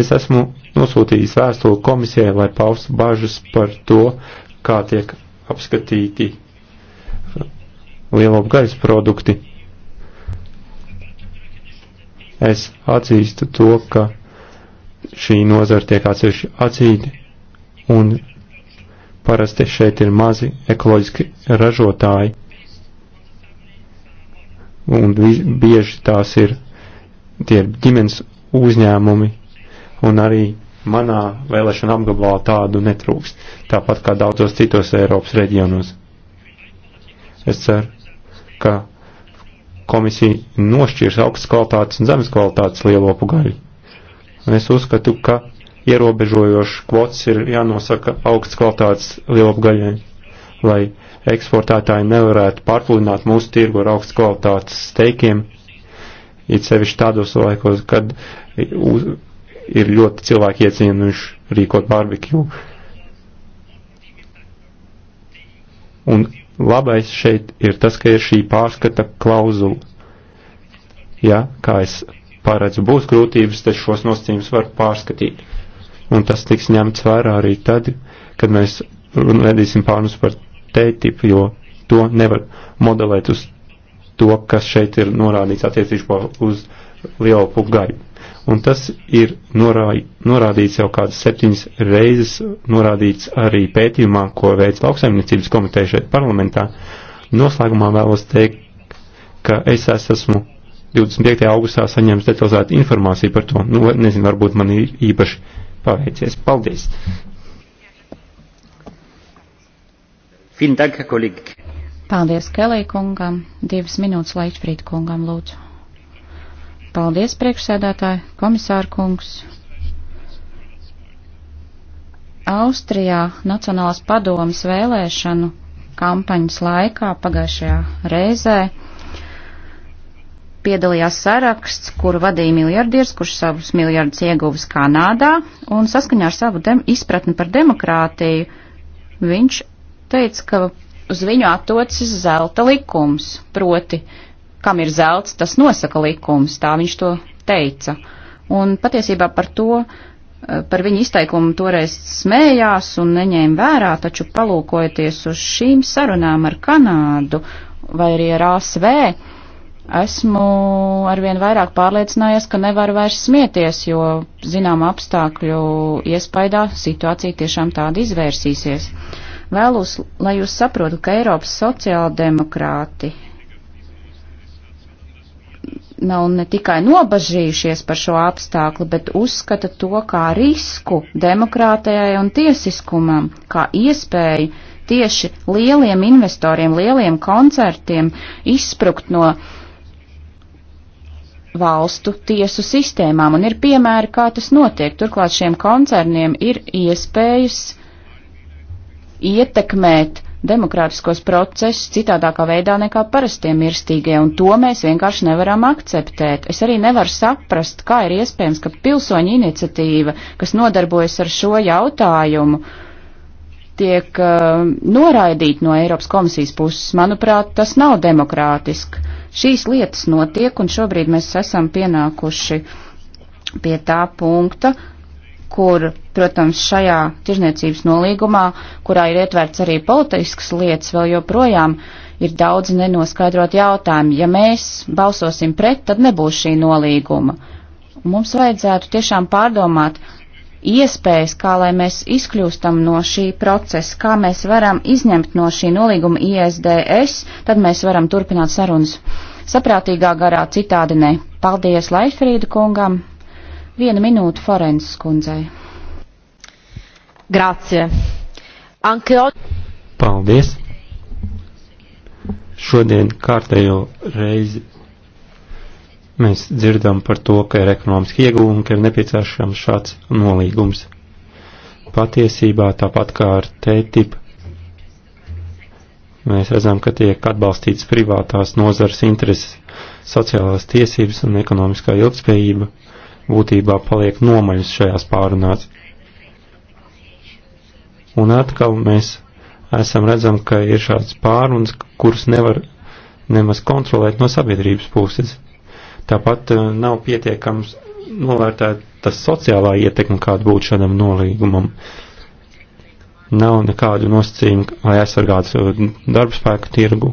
Es esmu nosūtījis vēstuli komisijai, lai paustu bažas par to, kā tiek apskatīti eh, lielopgaļas produkti. Es atzīstu to, ka šī nozara tiek atsevišķi atzīta un parasti šeit ir mazi ekoloģiski ražotāji, un bieži tās ir tie ir ģimenes uzņēmumi, un arī manā vēlēšana apgabalā tādu netrūkst, tāpat kā daudzos citos Eiropas reģionos. Es ceru, ka komisija nošķirs augstas kvalitātes un zemes kvalitātes lielopu gaļu. Un es uzskatu, ka ierobežojošs kvots ir jānosaka augsts kvalitātes lielopgaļai, lai eksportētāji nevarētu pārplināt mūsu tirgu ar augsts kvalitātes steikiem, it sevišķi tādos laikos, kad ir ļoti cilvēki iecienījuši rīkot barbekju. Un labais šeit ir tas, ka ir šī pārskata klauzula. Ja, kā es paredzu, būs grūtības, tad šos nosacījumus var pārskatīt un tas tiks ņemts vērā arī tad, kad mēs vedīsim pārnus par tētipu, jo to nevar modelēt uz to, kas šeit ir norādīts attiecībā uz lielo pugaidu. Un tas ir norā, norādīts jau kādas septiņas reizes, norādīts arī pētījumā, ko veids lauksaimniecības komiteja šeit parlamentā. Noslēgumā vēlos teikt, ka es esmu 25. augustā saņēmis detalizētu informāciju par to. Nu, nezinu, varbūt man ir īpaši paveicies. Paldies! Paldies Kelī kungam, divas minūtes Leičfrīd kungam lūdzu. Paldies priekšsēdētāji, komisāra kungs. Austrijā Nacionālās padomas vēlēšanu kampaņas laikā pagājušajā reizē piedalījās saraksts, kuru vadīja miljardieris, kurš savus miljardus ieguvis Kanādā, un saskaņā ar savu dem izpratni par demokrātiju viņš teica, ka uz viņu attocis zelta likums, proti, kam ir zelts, tas nosaka likums, tā viņš to teica. Un patiesībā par to, eh, par viņu izteikumu toreiz smējās un neņēma vērā, taču palūkojoties uz šīm sarunām ar Kanādu vai arī ar ASV, esmu arvien vairāk pārliecinājies, ka nevaru vairs smieties, jo zinām apstākļu iespaidā situācija tiešām tāda izvērsīsies. Vēlos, lai jūs saprotu, ka Eiropas sociāldemokrāti nav ne tikai nobažījušies par šo apstākli, bet uzskata to kā risku demokrātijai un tiesiskumam, kā iespēju tieši lieliem investoriem, lieliem koncertiem izsprukt no uh, valstu tiesu sistēmām, un ir piemēri, kā tas notiek. Turklāt šiem koncerniem ir iespējas ietekmēt demokrātiskos procesus citādākā veidā nekā parastie mirstīgie, un to mēs vienkārši nevaram akceptēt. Es arī nevaru saprast, kā ir iespējams, ka pilsoņu iniciatīva, kas nodarbojas ar šo jautājumu, uh, tiek uh, eh, noraidīti no Eiropas komisijas puses. Manuprāt, tas nav demokrātiski. Šīs lietas notiek, un šobrīd mēs esam pienākuši pie tā punkta, kur, protams, šajā tirzniecības nolīgumā, kurā ir ietverts arī politisks lietas, vēl joprojām ir daudz nenoskaidrot jautājumu. Ja mēs balsosim pret, tad nebūs šī nolīguma. Mums vajadzētu tiešām pārdomāt, iespējas, kā lai mēs izkļūstam no šī procesa, kā mēs varam izņemt no šī nolīguma ISDS, tad mēs varam turpināt sarunas saprātīgā garā citādi ne. Paldies Laifrīda kungam. Viena minūte Forensas kundzei. Grācie. Anke. Paldies. Šodien kārtējo reizi Mēs dzirdam par to, ka ir ekonomiski ieguvumi, ka ir nepieciešams šāds nolīgums. Patiesībā tāpat kā ar TTIP, mēs redzam, ka tiek atbalstīts privātās nozares intereses, sociālās tiesības un ekonomiskā ilgspējība būtībā paliek nomaļas šajās pārunās. Un atkal mēs esam redzam, ka ir šāds pārunas, kuras nevar nemaz kontrolēt no sabiedrības puses. Tāpat eh, nav pietiekams novērtēta sociālā ietekme, kāda būtu šādam nolīgumam. Nav nekādu nosacījumu, lai aizsargātu darba spēku tirgu.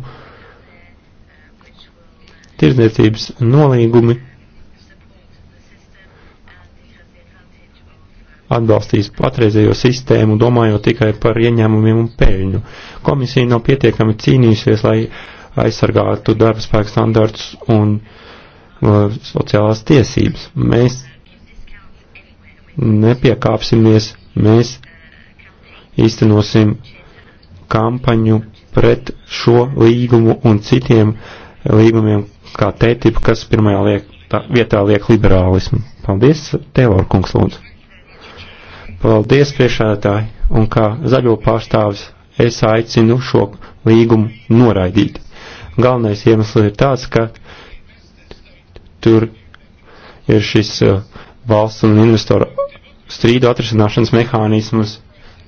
Tirzniecības nolīgumi atbalstīs patreizējo sistēmu, domājot tikai par ieņēmumiem un peļņu. Komisija nav pietiekami cīnījusies, lai aizsargātu darba spēku standarts un uh, sociālās tiesības. Mēs nepiekāpsimies, mēs īstenosim kampaņu pret šo līgumu un citiem līgumiem, kā tētipu, kas pirmajā liek, tā, vietā liek liberālismu. Paldies, Tēlor kungs, lūdzu. Paldies, priekšādātāji, un kā zaļo pārstāvis es aicinu šo līgumu noraidīt. Galvenais iemesls ir tāds, ka uh, tur ir šis uh, valsts un investoru strīdu atrisināšanas mehānismus,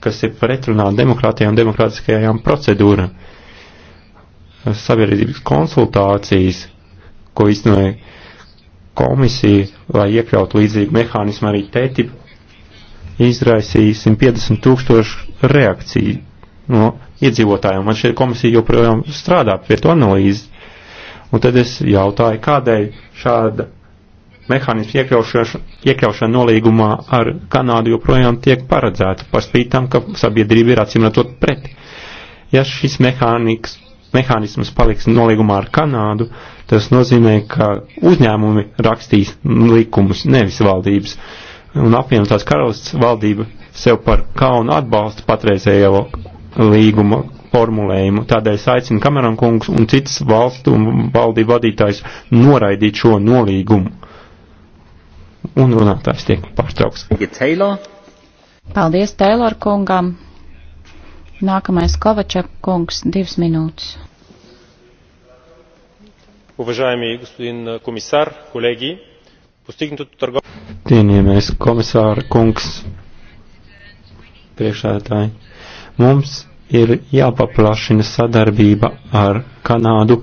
kas ir pretrunā demokrātijām, demokrātiskajām procedūram. Sabiedrības konsultācijas, ko iznoja komisija, lai iekļautu līdzīgu mehānismu arī tētip, izraisīja 150 tūkstošu reakciju no iedzīvotājiem. Man šeit komisija joprojām strādā pie to analīzi. Un tad es jautāju, kādēļ šāda mehānismu iekļaušana, iekļaušana nolīgumā ar Kanādu joprojām tiek paredzēta, par spīti tam, ka sabiedrība ir acīmredzot pret. Ja šis mehāniks, mehānisms paliks nolīgumā ar Kanādu, tas nozīmē, ka uzņēmumi rakstīs likumus, nevis valdības. Un apvienotās karalists valdība sev par kaunu atbalsta patreizējo līguma formulējumu. Tādēļ es aicinu Kameram kungs un citas valstu un valdību vadītājs noraidīt šo nolīgumu. Un runātājs tiek pārtraukts. Paldies Taylor kungam. Nākamais Kovačev kungs, divas minūtes. Уважаемый господин комиссар, коллеги, постигнутото търговско... Cienījamais komisāra kungs, priekšētāji, mums ir jāpaplašina sadarbība ar Kanādu.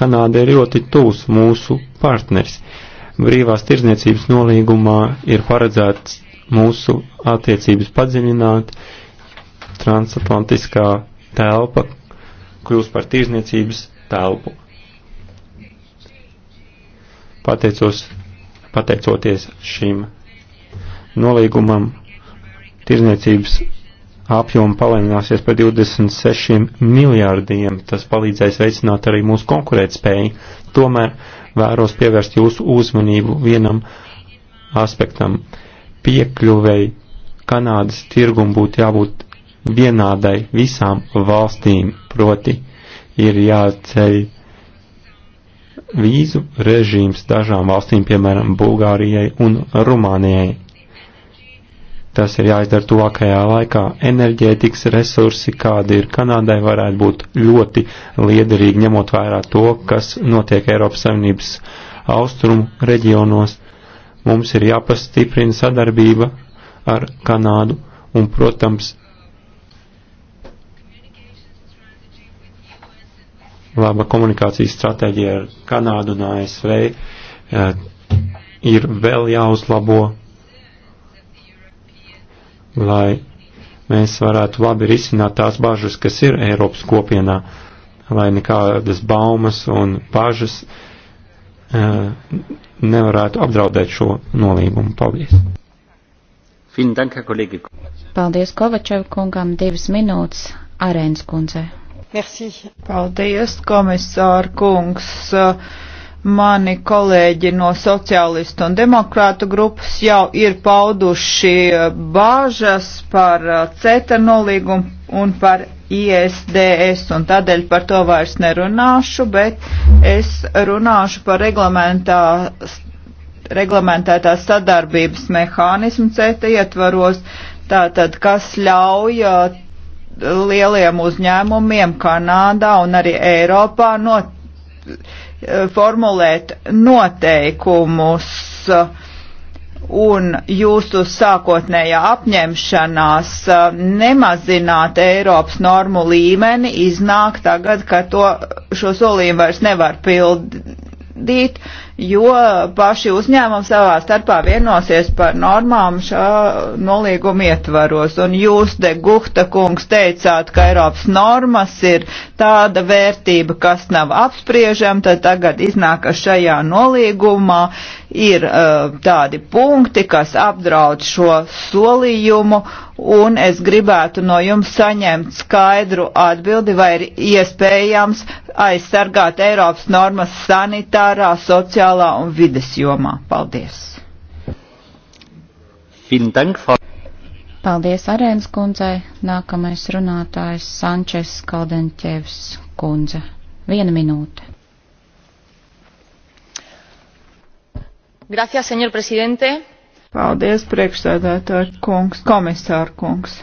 Kanāda ir ļoti tūs mūsu partners. Brīvās tirzniecības nolīgumā ir paredzēts mūsu attiecības padziļināt, transatlantiskā telpa kļūst par tirzniecības telpu. Pateicos, pateicoties šim nolīgumam, tirzniecības apjoma palielināsies par 26 miljārdiem. Tas palīdzēs veicināt arī mūsu konkurētspēju. Tomēr vēros pievērst jūsu uzmanību vienam aspektam. Piekļuvei Kanādas tirgum būtu jābūt vienādai visām valstīm, proti ir jāceļ vīzu režīms dažām valstīm, piemēram, Bulgārijai un Rumānijai. Tas ir jāizdara tuvākajā laikā. Enerģētikas resursi, kādi ir Kanādai, varētu būt ļoti liederīgi, ņemot vērā to, kas notiek Eiropas Savienības austrumu reģionos. Mums ir jāpastiprina sadarbība ar Kanādu un, protams, laba komunikācijas stratēģija ar Kanādu un ASV eh, ir vēl jāuzlabo lai mēs varētu labi risināt tās bažas, kas ir Eiropas kopienā, lai nekādas baumas un bažas uh, nevarētu apdraudēt šo nolīgumu. Paldies! Paldies Kovačev kungam divas minūtes arēnas kundzei. Paldies, komisāra kungs. Uh, Mani kolēģi no sociālistu un demokrātu grupas jau ir pauduši eh, bāžas par eh, CETA nolīgumu un par ISDS, un tādēļ par to vairs nerunāšu, bet es runāšu par reglamentā reglamentētās sadarbības mehānismu CETA ietvaros, tātad kas ļauj eh, lieliem uzņēmumiem Kanādā un arī Eiropā no Eh, formulēt noteikumus eh, un jūsu sākotnējā apņemšanās eh, nemazināt Eiropas normu līmeni iznāk tagad, ka to, šo solījumu vairs nevar pild, gaidīt, jo paši uzņēmumi savā starpā vienosies par normām šā nolīguma ietvaros. Un jūs, de Guhta kungs, teicāt, ka Eiropas normas ir tāda vērtība, kas nav apspriežama, tad tagad iznāk, ka šajā nolīgumā ir uh, tādi punkti, kas apdraud šo solījumu, un es gribētu no jums saņemt skaidru atbildi, vai ir iespējams aizsargāt Eiropas normas sanitāri humanitārā, sociālā un vides jomā. Paldies! Paldies Arēnas kundzei. Nākamais runātājs Sančes Kaldenķevs kundze. Viena minūte. Gracias, señor presidente. Paldies, priekšsēdētāji kungs, komisāra kungs.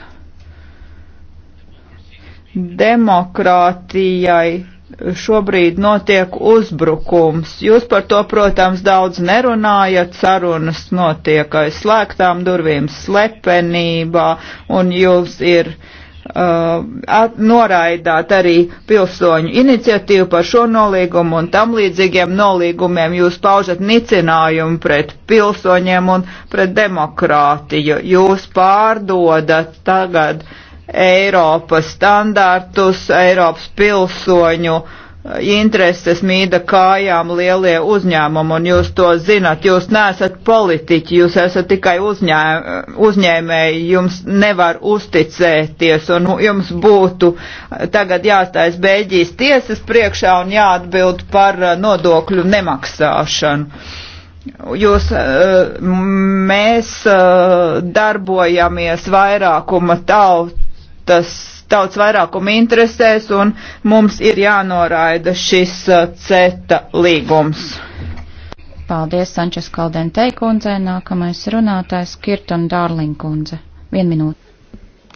Demokrātijai šobrīd notiek uzbrukums. Jūs par to, protams, daudz nerunājat, sarunas notiek aiz slēgtām durvīm, slepenībā, un jūs ir uh, at, noraidāt arī pilsoņu iniciatīvu par šo nolīgumu un tam līdzīgiem nolīgumiem. Jūs paužat nicinājumu pret pilsoņiem un pret demokrātiju. Jūs pārdodat tagad uh, Eiropas standartus, Eiropas pilsoņu eh, intereses mīda kājām lielie uzņēmumi, un jūs to zinat, jūs neesat politiķi, jūs esat tikai uzņē, uzņēmēji, jums nevar uzticēties, un jums būtu tagad jāstājas Beļģijas tiesas priekšā un jāatbild par eh, nodokļu nemaksāšanu. Jūs, eh, mēs darbojamies vairākuma tautu tas tauts vairākuma interesēs un mums ir jānoraida šis uh, CETA līgums. Paldies, Sančes Kaldentei kundze. Nākamais runātājs Kirton Dārling kundze. Vienu minūti.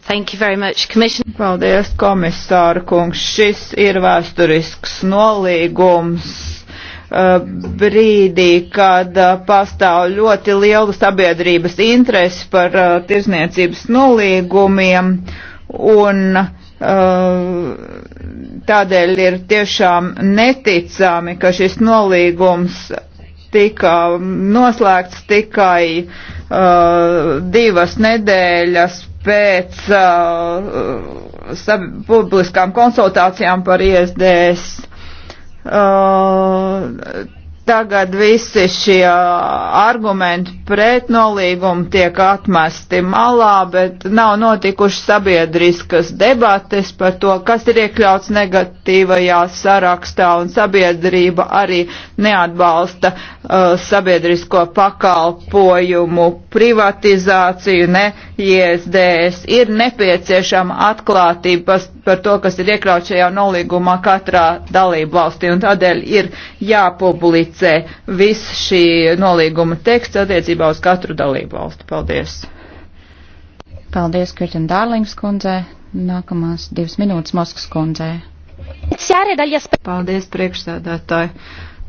Thank you very much, Commissioner. Paldies, komisāra kungs. Šis ir vēsturisks nolīgums uh, brīdī, kad uh, pastāv ļoti liela sabiedrības interesi par tirzniecības nolīgumiem. Uh, un uh, tādēļ ir tiešām neticami, ka šis nolīgums tika noslēgts tikai uh, divas nedēļas pēc uh, sab, publiskām konsultācijām par ISDS. Uh, Tagad visi šie argumenti pret nolīgumu tiek atmesti malā, bet nav notikušas sabiedriskas debates par to, kas ir iekļauts negatīvajā sarakstā, un sabiedrība arī neatbalsta uh, sabiedrisko pakalpojumu privatizāciju, ne ISDS. Ir nepieciešama atklātība par to, kas ir iekļauts šajā nolīgumā katrā dalību valstī, un tādēļ ir jāpublicē jāprecizē viss šī nolīguma teksts attiecībā uz katru dalību valstu. Paldies! Paldies, Kirtin Dārlings kundzē. Nākamās divas minūtes Moskas kundzē. Paldies, priekšsēdētāji!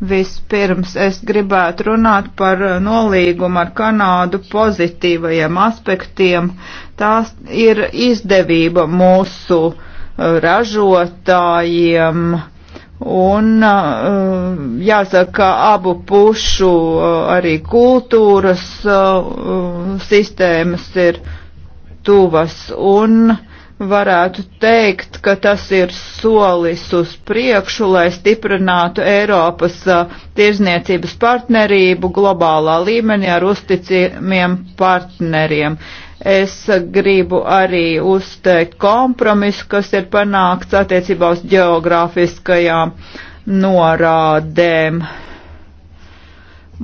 Vispirms es gribētu runāt par nolīgumu ar Kanādu pozitīvajiem aspektiem. Tās ir izdevība mūsu ražotājiem Un uh, jāsaka, abu pušu uh, arī kultūras uh, sistēmas ir tuvas un varētu teikt, ka tas ir solis uz priekšu, lai stiprinātu Eiropas tirzniecības partnerību globālā līmenī ar uzticamiem partneriem. Uh, Es gribu arī uzteikt kompromisu, kas ir panākts attiecībā uz geogrāfiskajām norādēm.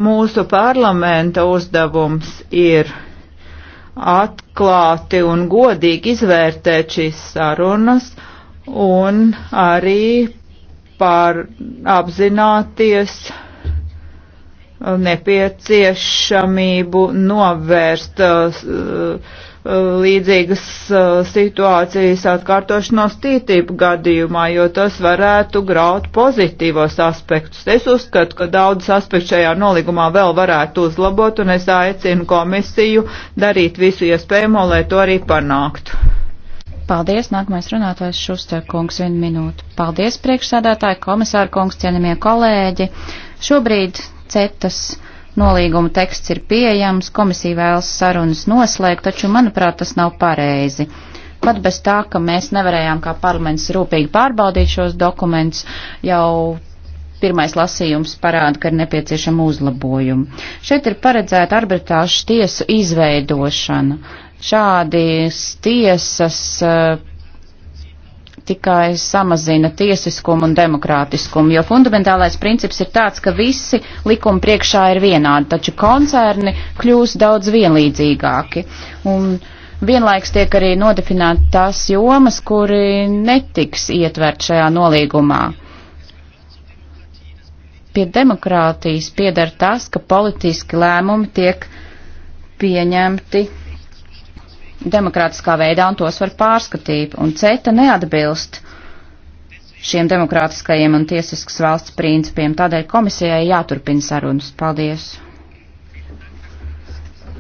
Mūsu parlamenta uzdevums ir atklāti un godīgi izvērtēt šīs sarunas un arī par apzināties, nepieciešamību novērst uh, uh, līdzīgas uh, situācijas atkārtošanos tītību gadījumā, jo tas varētu graut pozitīvos aspektus. Es uzskatu, ka daudz aspektu šajā nolīgumā vēl varētu uzlabot, un es aicinu komisiju darīt visu iespējamo, lai to arī panāktu. Paldies, nākamais runātājs Šuster kungs, vienu minūtu. Paldies, priekšsēdētāji, komisāra kungs, cienījamie kolēģi. Šobrīd CETAS nolīguma teksts ir pieejams, komisija vēlas sarunas noslēgt, taču, manuprāt, tas nav pareizi. Pat bez tā, ka mēs nevarējām kā parlaments rūpīgi pārbaudīt šos dokumentus, jau pirmais lasījums parāda, ka ir nepieciešama uzlabojuma. Šeit ir paredzēta arbitrāžu tiesu izveidošana. Šādi tiesas eh, tikai samazina tiesiskumu un demokrātiskumu, jo fundamentālais princips ir tāds, ka visi likumi priekšā ir vienādi, taču koncerni kļūs daudz vienlīdzīgāki. Un vienlaiks tiek arī nodefinēti tās jomas, kuri netiks ietvert šajā nolīgumā. Pie demokrātijas piedara tas, ka politiski lēmumi tiek pieņemti demokrātiskā veidā un tos var pārskatīt, un CETA neatbilst šiem demokrātiskajiem un tiesiskas valsts principiem, tādēļ komisijai jāturpina sarunas. Paldies!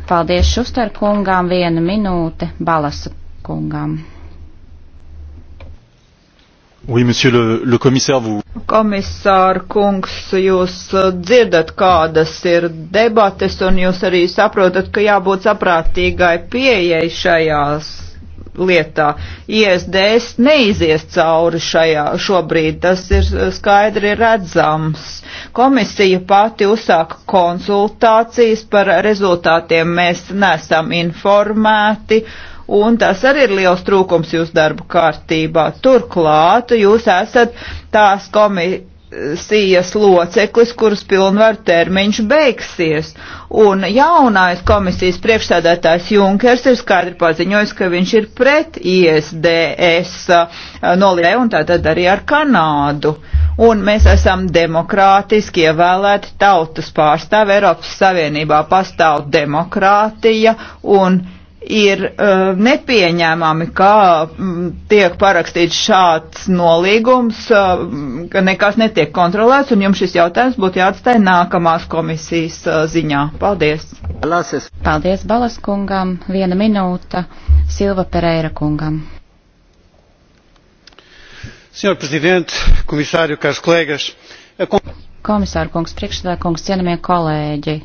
Paldies Šuster kungām, viena minūte Balasa kungām. Oui, monsieur le, le commissaire, vous. Komisāra kungs, jūs uh, dzirdat, kādas ir debates, un jūs arī saprotat, ka jābūt saprātīgai pieejai šajās lietā. ISDS neizies cauri šajā šobrīd, tas ir uh, skaidri redzams. Komisija pati uzsāka konsultācijas, par rezultātiem mēs nesam informēti un tas arī ir liels trūkums jūsu darbu kārtībā. Turklāt jūs esat tās komisijas sijas loceklis, kuras pilnvaru termiņš beigsies. Un jaunais komisijas priekšstādātājs Junkers ir skaidri paziņojis, ka viņš ir pret ISDS uh, nolīdē un tātad arī ar Kanādu. Un mēs esam demokrātiski ievēlēti tautas pārstāvi. Eiropas Savienībā pastāv demokrātija un demokrātija ir uh, nepieņēmami, kā m, mm, tiek parakstīts šāds nolīgums, uh, ka nekas netiek kontrolēts, un jums šis jautājums būtu jāatstāj nākamās komisijas uh, ziņā. Paldies! Lasis. Paldies Balas kungam, viena minūta Silva Pereira kungam. Senhor Presidente, Comissário, caros colegas. Komisāra kungs, priekšstādā kungs, cienamie kolēģi.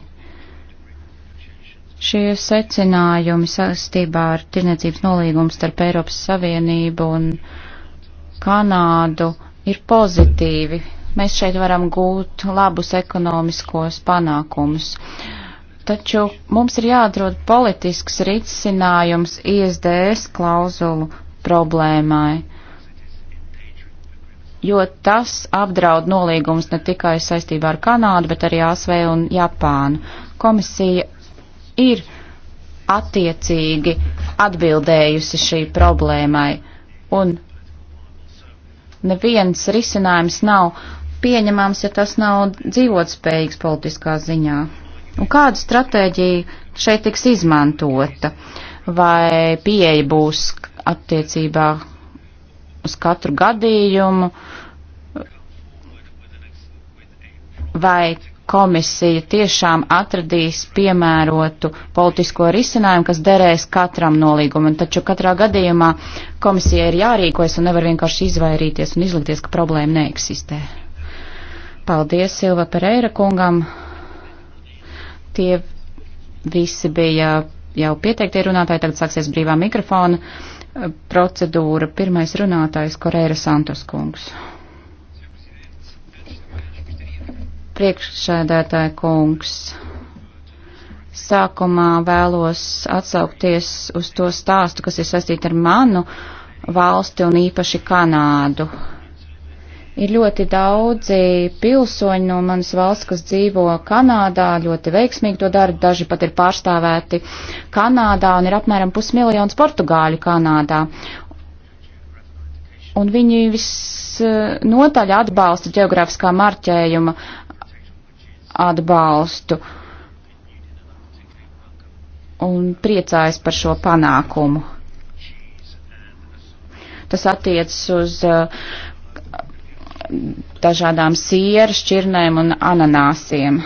Šie secinājumi saistībā ar tirniecības nolīgumu starp Eiropas Savienību un Kanādu ir pozitīvi. Mēs šeit varam gūt labus ekonomiskos panākumus. Taču mums ir jāatrod politisks risinājums ISDS klauzulu problēmai, jo tas apdraud nolīgums ne tikai saistībā ar Kanādu, bet arī ASV un Japānu. Komisija ir attiecīgi atbildējusi šī problēmai, un neviens risinājums nav pieņemams, ja tas nav dzīvotspējīgs politiskā ziņā. Un kāda stratēģija šeit tiks izmantota? Vai pieeja būs attiecībā uz katru gadījumu? Vai komisija tiešām atradīs piemērotu politisko risinājumu, kas derēs katram nolīgumam. Taču katrā gadījumā komisija ir jārīkojas un nevar vienkārši izvairīties un izlikties, ka problēma neeksistē. Paldies Silva Pereira kungam. Tie visi bija jau pieteiktie runātāji, tagad sāksies brīvā mikrofona procedūra. Pirmais runātājs Koreira Santos kungs. Priekšsēdētāja kungs, sākumā vēlos atsaukties uz to stāstu, kas ir saistīta ar manu valsti un īpaši Kanādu. Ir ļoti daudzi pilsoņi no manas valsts, kas dzīvo Kanādā, ļoti veiksmīgi to dara, daži pat ir pārstāvēti Kanādā un ir apmēram pusmiljons portugāļu Kanādā. Un viņi visnotaļ atbalsta ģeogrāfiskā marķējuma atbalstu un priecājas par šo panākumu. Tas attiecas uz uh, dažādām sieru šķirnēm un ananāsiem.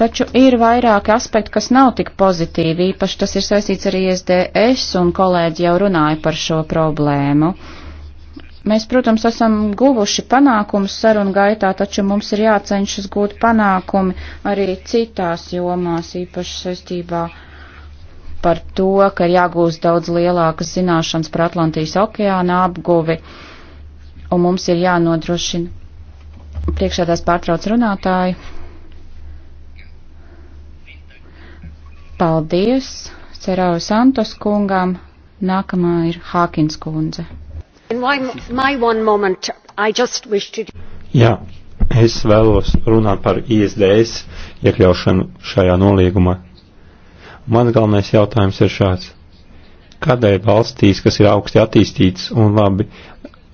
Taču ir vairāki aspekti, kas nav tik pozitīvi, īpaši tas ir saistīts ar ISDS, un kolēģi jau runāja par šo problēmu. Uh, Mēs, protams, esam guvuši panākumus sarunu gaitā, taču mums ir jācenšas gūt panākumi arī citās jomās, īpaši saistībā par to, ka ir jāgūst daudz lielākas zināšanas par Atlantijas okeāna apguvi, un mums ir jānodrošina. Priekšādās pārtrauc runātāju. Paldies Cerau Santos kungam. Nākamā ir Hākins kundze. Moment, to... Jā, es vēlos runāt par ISDS iekļaušanu šajā noliegumā. Mans galvenais jautājums ir šāds. Kādēļ valstīs, kas ir augsti attīstītas un labi,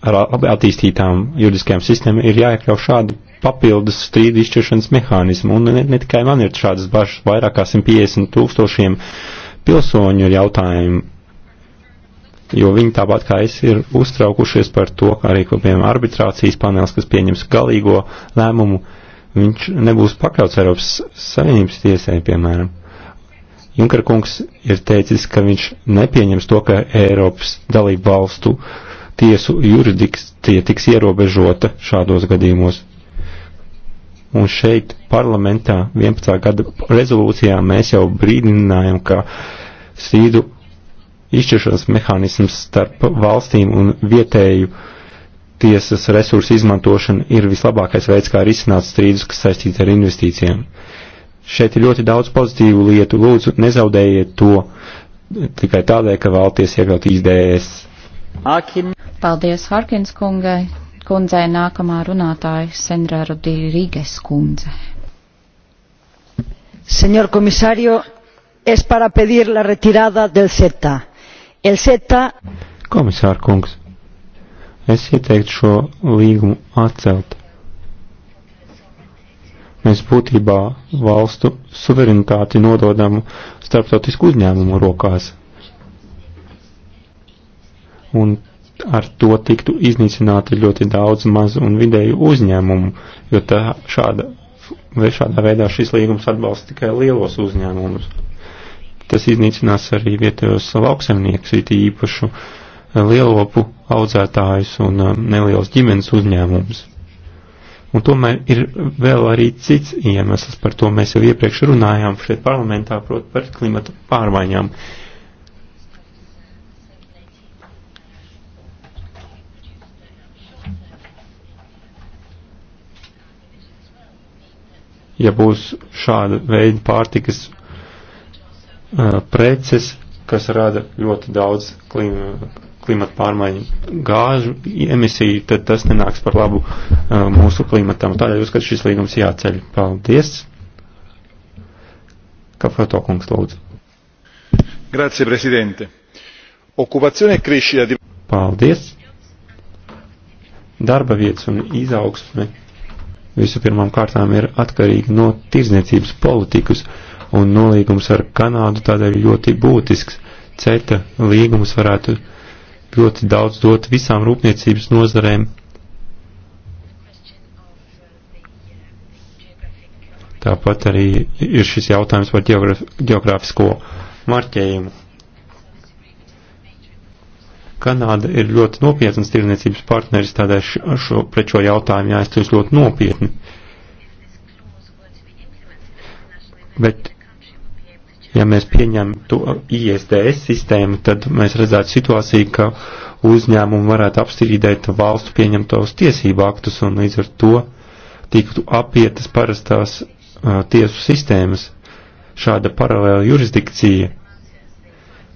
ar labi attīstītām juridiskajām sistēmām, ir jāiekļau šādi papildus strīdu izšķiršanas mehānismu? Un ne, ne tikai man ir šādas bažas, vairāk kā 150 tūkstošiem pilsoņu ir jautājumi jo viņi tāpat kā es ir uztraukušies par to, ka arī, piemēram, arbitrācijas panels, kas pieņems galīgo lēmumu, viņš nebūs pakļauts Eiropas Savienības tiesai, piemēram. Junker kungs ir teicis, ka viņš nepieņems to, ka Eiropas dalību valstu tiesu juridikcija tiks ierobežota šādos gadījumos. Un šeit parlamentā 11. gada rezolūcijā mēs jau brīdinājām, ka strīdu izšķiršanas mehānisms starp valstīm un vietēju tiesas resursu izmantošana ir vislabākais veids, kā risināt strīdus, kas saistīti ar investīcijām. Šeit ir ļoti daudz pozitīvu lietu. Lūdzu, nezaudējiet to tikai tādēļ, ka vēlties iekļaut IDS. Akin. Paldies Harkins kungai. Kundzei nākamā runātāja Senra Rodrīgas kundze. Senor komisario, es para pedir la retirada del CETA. El SETA. Komisāra kungs, es ieteiktu šo līgumu atcelt. Mēs būtībā valstu suverenitāti nododam starptautisku uzņēmumu rokās. Un ar to tiktu iznīcināti ļoti daudz mazu un vidēju uzņēmumu, jo tā šāda, šādā veidā šis līgums atbalsta tikai lielos uzņēmumus. Tas iznīcinās arī vietējos lauksaimniekus, it īpašu eh, lielopu audzētājus un eh, nelielas ģimenes uzņēmumus. Un tomēr ir vēl arī cits iemesls, par to mēs jau iepriekš runājām šeit parlamentā, proti par klimata pārmaiņām. Ja būs šāda veida pārtikas Uh, preces, kas rada ļoti daudz klima, klimata pārmaiņu gāžu emisiju, tad tas nenāks par labu uh, mūsu klimatam. Tādēļ uzskatu, šis līgums jāceļ. Paldies! Kafoto kungs lūdzu. Grazie, prezidente. Okupazione e crescita di... Paldies! Darba vietas un izaugsme visu pirmām kārtām ir atkarīgi no tirzniecības politikas. Uh, un nolīgums ar Kanādu tādēļ ļoti būtisks. CETA līgums varētu ļoti daudz dot visām rūpniecības nozarēm. Tāpat arī ir šis jautājums par geogrāfisko marķējumu. Kanāda ir ļoti nopietnas tirdzniecības partneris, tādēļ šo, pret šo jautājumu jāizturas ļoti nopietni. Bet Ja mēs pieņemtu ISDS sistēmu, tad mēs redzētu situāciju, ka uzņēmumi varētu apstrīdēt valstu pieņemtos tiesību aktus un līdz ar to tiktu apietas parastās uh, tiesu sistēmas. Šāda paralēla jurisdikcija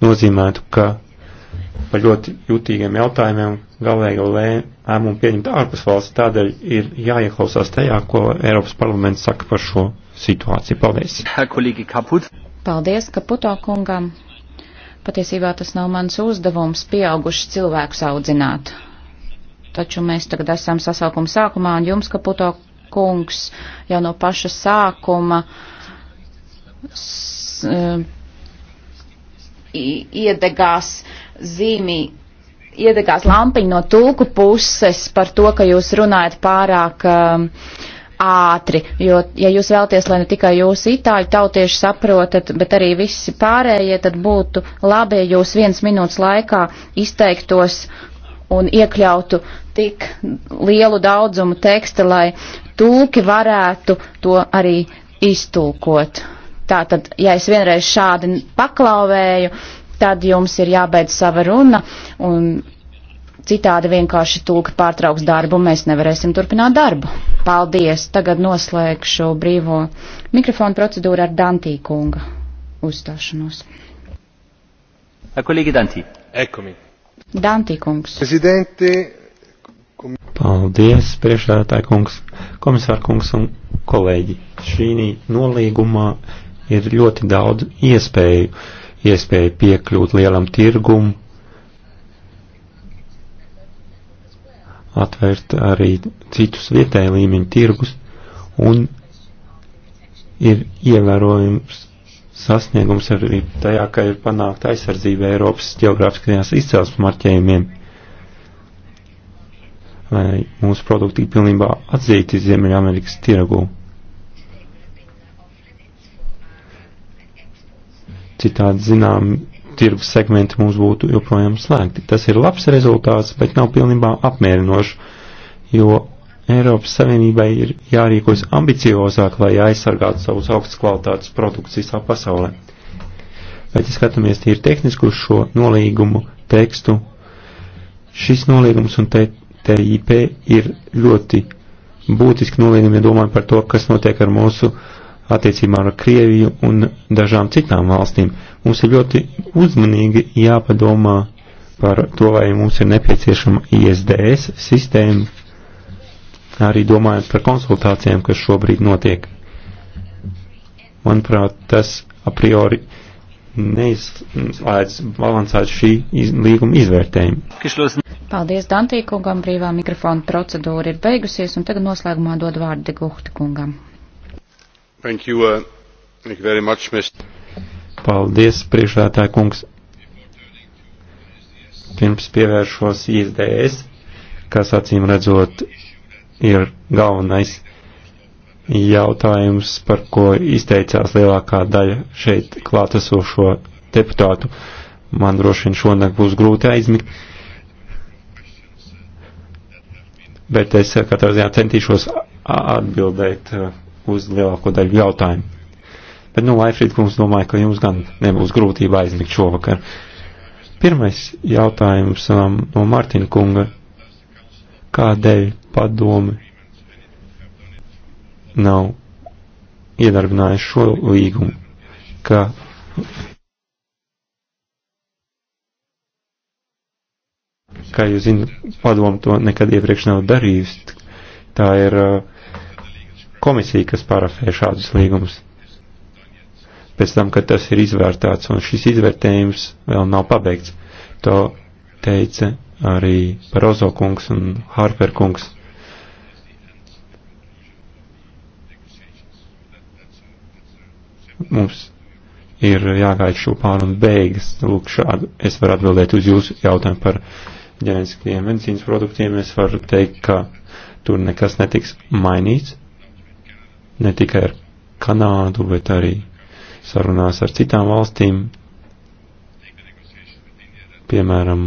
nozīmētu, ka par ļoti jūtīgiem jautājumiem galējo lēmumu pieņemt ārpus valsts. Tādēļ ir jāieklausās tajā, ko Eiropas parlaments saka par šo situāciju. Paldies! Paldies, ka puto kungam. Patiesībā tas nav mans uzdevums pieauguši cilvēkus audzināt. Taču mēs tagad esam sasaukuma sākumā, un jums, ka puto kungs, jau no paša sākuma s, uh, iedegās zīmī, iedegās lampiņu no tulku puses par to, ka jūs runājat pārāk uh, ātri, jo, ja jūs vēlaties, lai ne tikai jūs itāļu tautieši saprotat, bet arī visi pārējie, tad būtu labi, ja jūs viens minūtes laikā izteiktos un iekļautu tik lielu daudzumu teksta, lai tulki varētu to arī iztulkot. Tātad, ja es vienreiz šādi paklauvēju, tad jums ir jābeidz sava runa un Citādi vienkārši tulki pārtrauks darbu, mēs nevarēsim turpināt darbu. Paldies! Tagad noslēgšu brīvo mikrofonu procedūru ar Dantī kunga uzstāšanos. Kolēģi Dantī. Ekomi. Dantī kungs. Prezidenti. Kom... Paldies, priekšsēdētāji kungs, komisār kungs un kolēģi. Šī nolīgumā ir ļoti daudz iespēju. Iespēja piekļūt lielam tirgumu, atvērt arī citus vietēju līmeņu tirgus un ir ievērojums sasniegums arī tajā, ka ir panākta aizsardzība Eiropas geogrāfiskajās izcelsmes marķējumiem, lai mūsu produkti ir pilnībā atzīti Ziemeļamerikas tirgū. Citādi zinām, tirgus segmenti mums būtu joprojām slēgti. Tas ir labs rezultāts, bet nav pilnībā apmierinošs, jo Eiropas Savienībai ir jārīkojas ambiciozāk, lai aizsargātu savus augstas kvalitātes produktus visā pasaulē. Bet, ja skatāmies tīri tehniski uz šo nolīgumu tekstu, šis nolīgums un TIP ir ļoti būtiski nolīgumi, ja domājam par to, kas notiek ar mūsu uh, attiecībā ar Krieviju un dažām citām valstīm. Mums ir ļoti uzmanīgi jāpadomā par to, vai mums ir nepieciešama ISDS sistēma, arī domājot par konsultācijām, kas šobrīd notiek. Manuprāt, tas a priori neizslēdz balansēt šī iz, līguma izvērtējumu. Paldies Dantīkungam, brīvā mikrofona procedūra ir beigusies, un tagad noslēgumā dod vārdu Degūhta kungam. Thank you, uh, thank you very much, Mr. Paldies, priekšētāja kungs. Pirms pievēršos ISDS, kas acīm redzot ir galvenais jautājums, par ko izteicās lielākā daļa šeit klātesošo deputātu. Man droši vien šonakt būs grūti aizmigt, bet es katrā ziņā centīšos atbildēt uh, uz lielāko daļu jautājumu. Bet, nu, Laifrīd kungs, domāju, ka jums gan nebūs grūtība aizmigt šovakar. Pirmais jautājums um, no Mārtiņa kunga. Kādēļ padomi nav iedarbinājuši šo līgumu, ka kā jūs zinat, padomu to nekad iepriekš nav darījusi. Tā ir uh, komisija, kas parafē šādus līgumus. Pēc tam, kad tas ir izvērtāts, un šis izvērtējums vēl nav pabeigts, to teica arī Parozo kungs un Harper kungs. Mums ir jāgaida šo pārunu beigas. Lūk, šādu es varu atbildēt uz jūsu jautājumu par ģenētiskajiem medicīnas produktiem. Es varu teikt, ka tur nekas netiks mainīts ne tikai ar Kanādu, bet arī sarunās ar citām valstīm, piemēram,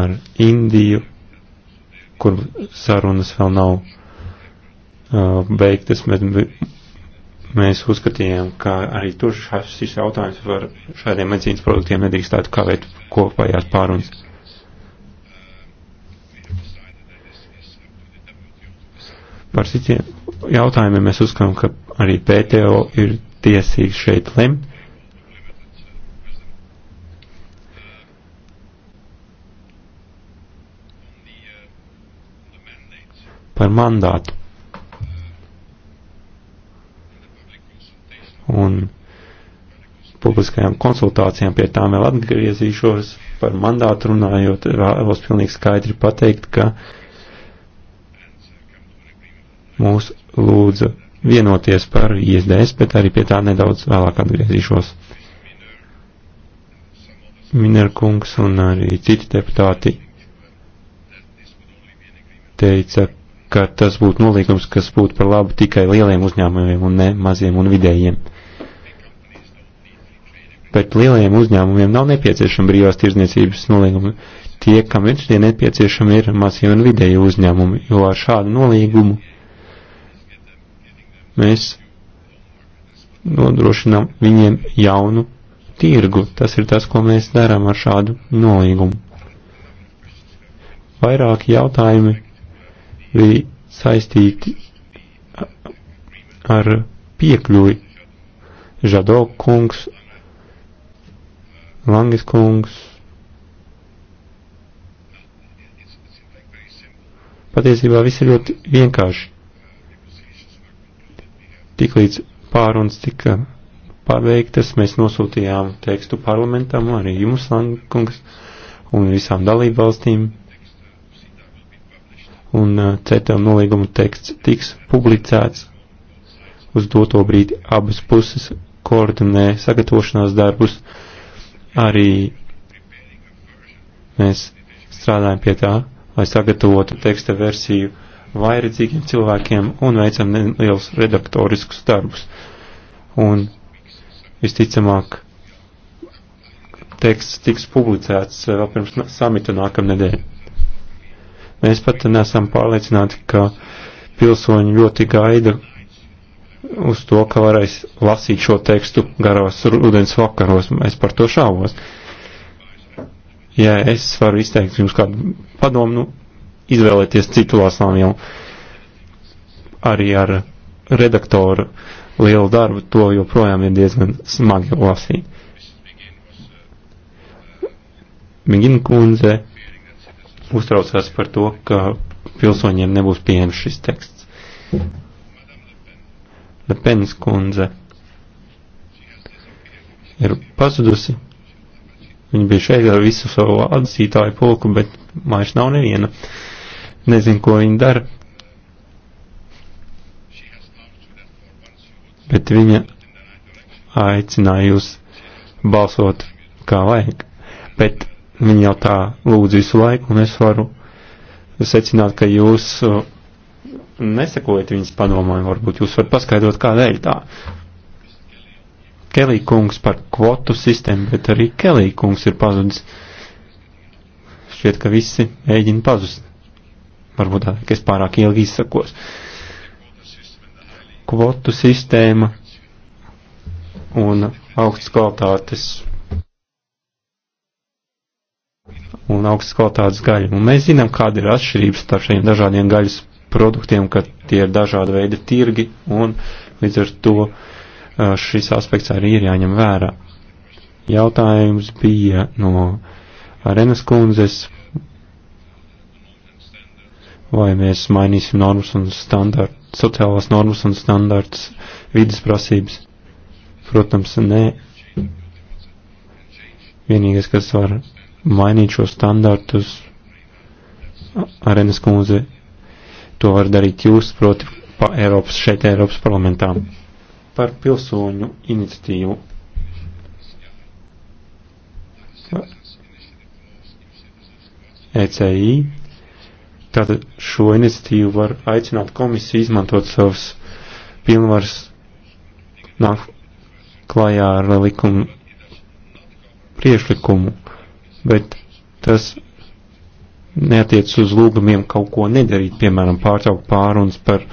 ar Indiju, kur sarunas vēl nav uh, beigtas, bet mēs uzskatījām, ka arī tur šis jautājums par šādiem medicīnas produktiem nedrīkstētu kavēt kopējās pārunas. Par citiem jautājumiem mēs uzskatām, ka arī PTO ir tiesīgs šeit lemt. Par mandātu. Un publiskajām konsultācijām pie tām vēl atgriezīšos. Par mandātu runājot, vēlos pilnīgi skaidri pateikt, ka uh, mūs lūdza vienoties par ISDS, bet arī pie tā nedaudz vēlāk atgriezīšos. Minerkungs un arī citi deputāti teica, ka tas būtu nolīgums, kas būtu par labu tikai lieliem uzņēmumiem un ne maziem un vidējiem. Bet lielajiem uzņēmumiem nav nepieciešama brīvās tirzniecības nolīguma. Tie, kam ir tie nepieciešami, ir mazie un vidēji uzņēmumi, jo ar šādu nolīgumu mēs nodrošinām viņiem jaunu tirgu. Tas ir tas, ko mēs darām ar šādu nolīgumu. Vairāki jautājumi bija saistīti ar piekļuvi. Žado kungs, Langis kungs. Patiesībā viss ir ļoti vienkārši. Tiklīdz pārunas tika paveiktas, mēs nosūtījām tekstu parlamentam, arī jums, Lankungs, un visām dalību valstīm. Un uh, CETA nolīguma teksts tiks publicēts uz doto brīdi abas puses koordinē sagatavošanās darbus. Arī mēs strādājam pie tā, lai sagatavotu teksta versiju vairedzīgiem cilvēkiem un veicam nelielus redaktoriskus darbus. Un visticamāk, teksts tiks publicēts eh, vēl pirms samita nākamnedēļ. Mēs pat nesam pārliecināti, ka pilsoņi ļoti gaida uz to, ka varēs lasīt šo tekstu garās rudens vakaros. Es par to šaubos. Ja es varu izteikt jums kādu padomu, nu, izvēlēties citu lasām vielu. Arī ar redaktoru lielu darbu to joprojām ir diezgan smagi lasīt. Migina kundze uztraucās par to, ka pilsoņiem nebūs pieejams šis teksts. Lepens kundze ir pazudusi. Viņa bija šeit ar visu savu atzītāju polku, bet mājas nav neviena. Uh, Nezinu, ko viņa dara. Bet viņa aicināja jūs balsot kā vajag. Bet viņi jau tā lūdz visu laiku, un es varu secināt, ka jūs uh, nesakojat viņas padomāju, varbūt jūs varat paskaidrot, kādēļ tā. Kelī kungs par kvotu sistēmu, bet arī Kelī kungs ir pazudis. Šķiet, ka visi mēģina pazust varbūt tā, ka es pārāk ilgi izsakos. Kvotu sistēma un augstas kvalitātes un augstas kvalitātes gaļa. Un mēs zinām, kāda ir atšķirības starp šiem dažādiem gaļas produktiem, ka tie ir dažāda veida tirgi, un līdz ar to šis aspekts arī ir jāņem vērā. Jautājums bija no Arenas kundzes vai mēs mainīsim normas un standartus, sociālās normas un standartus, vidas prasības. Protams, nē. Vienīgais, kas var mainīt šo standartus, Arenas kundze, to var darīt jūs, proti, pa Eiropas, šeit Eiropas parlamentā. Par pilsoņu iniciatīvu. ECI Tātad šo iniciatīvu var aicināt komisiju izmantot savus pilnvaras, nāk klajā ar likumu priešlikumu, bet tas neatiec uz lūgumiem kaut ko nedarīt, piemēram, pārtraukt pārunas par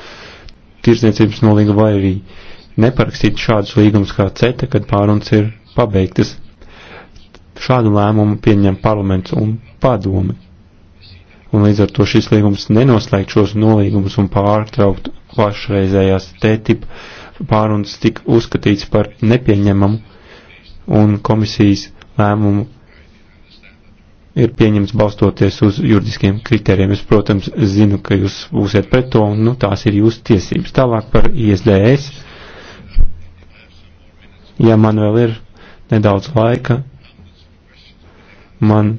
tirdzniecības nolīgu vai arī neparakstīt šādus līgumus kā CETA, kad pārunas ir pabeigtas. Šādu lēmumu pieņem parlaments un padome un līdz ar to šis līgums nenoslēgt šos nolīgumus un pārtraukt plašreizējās tētip pārunas tik uzskatīts par nepieņemamu, un komisijas lēmumu ir pieņems balstoties uz juridiskiem kriterijiem. Es, protams, zinu, ka jūs būsiet pret to, un nu, tās ir jūsu tiesības. Tālāk par ISDS. Ja man vēl ir nedaudz laika, man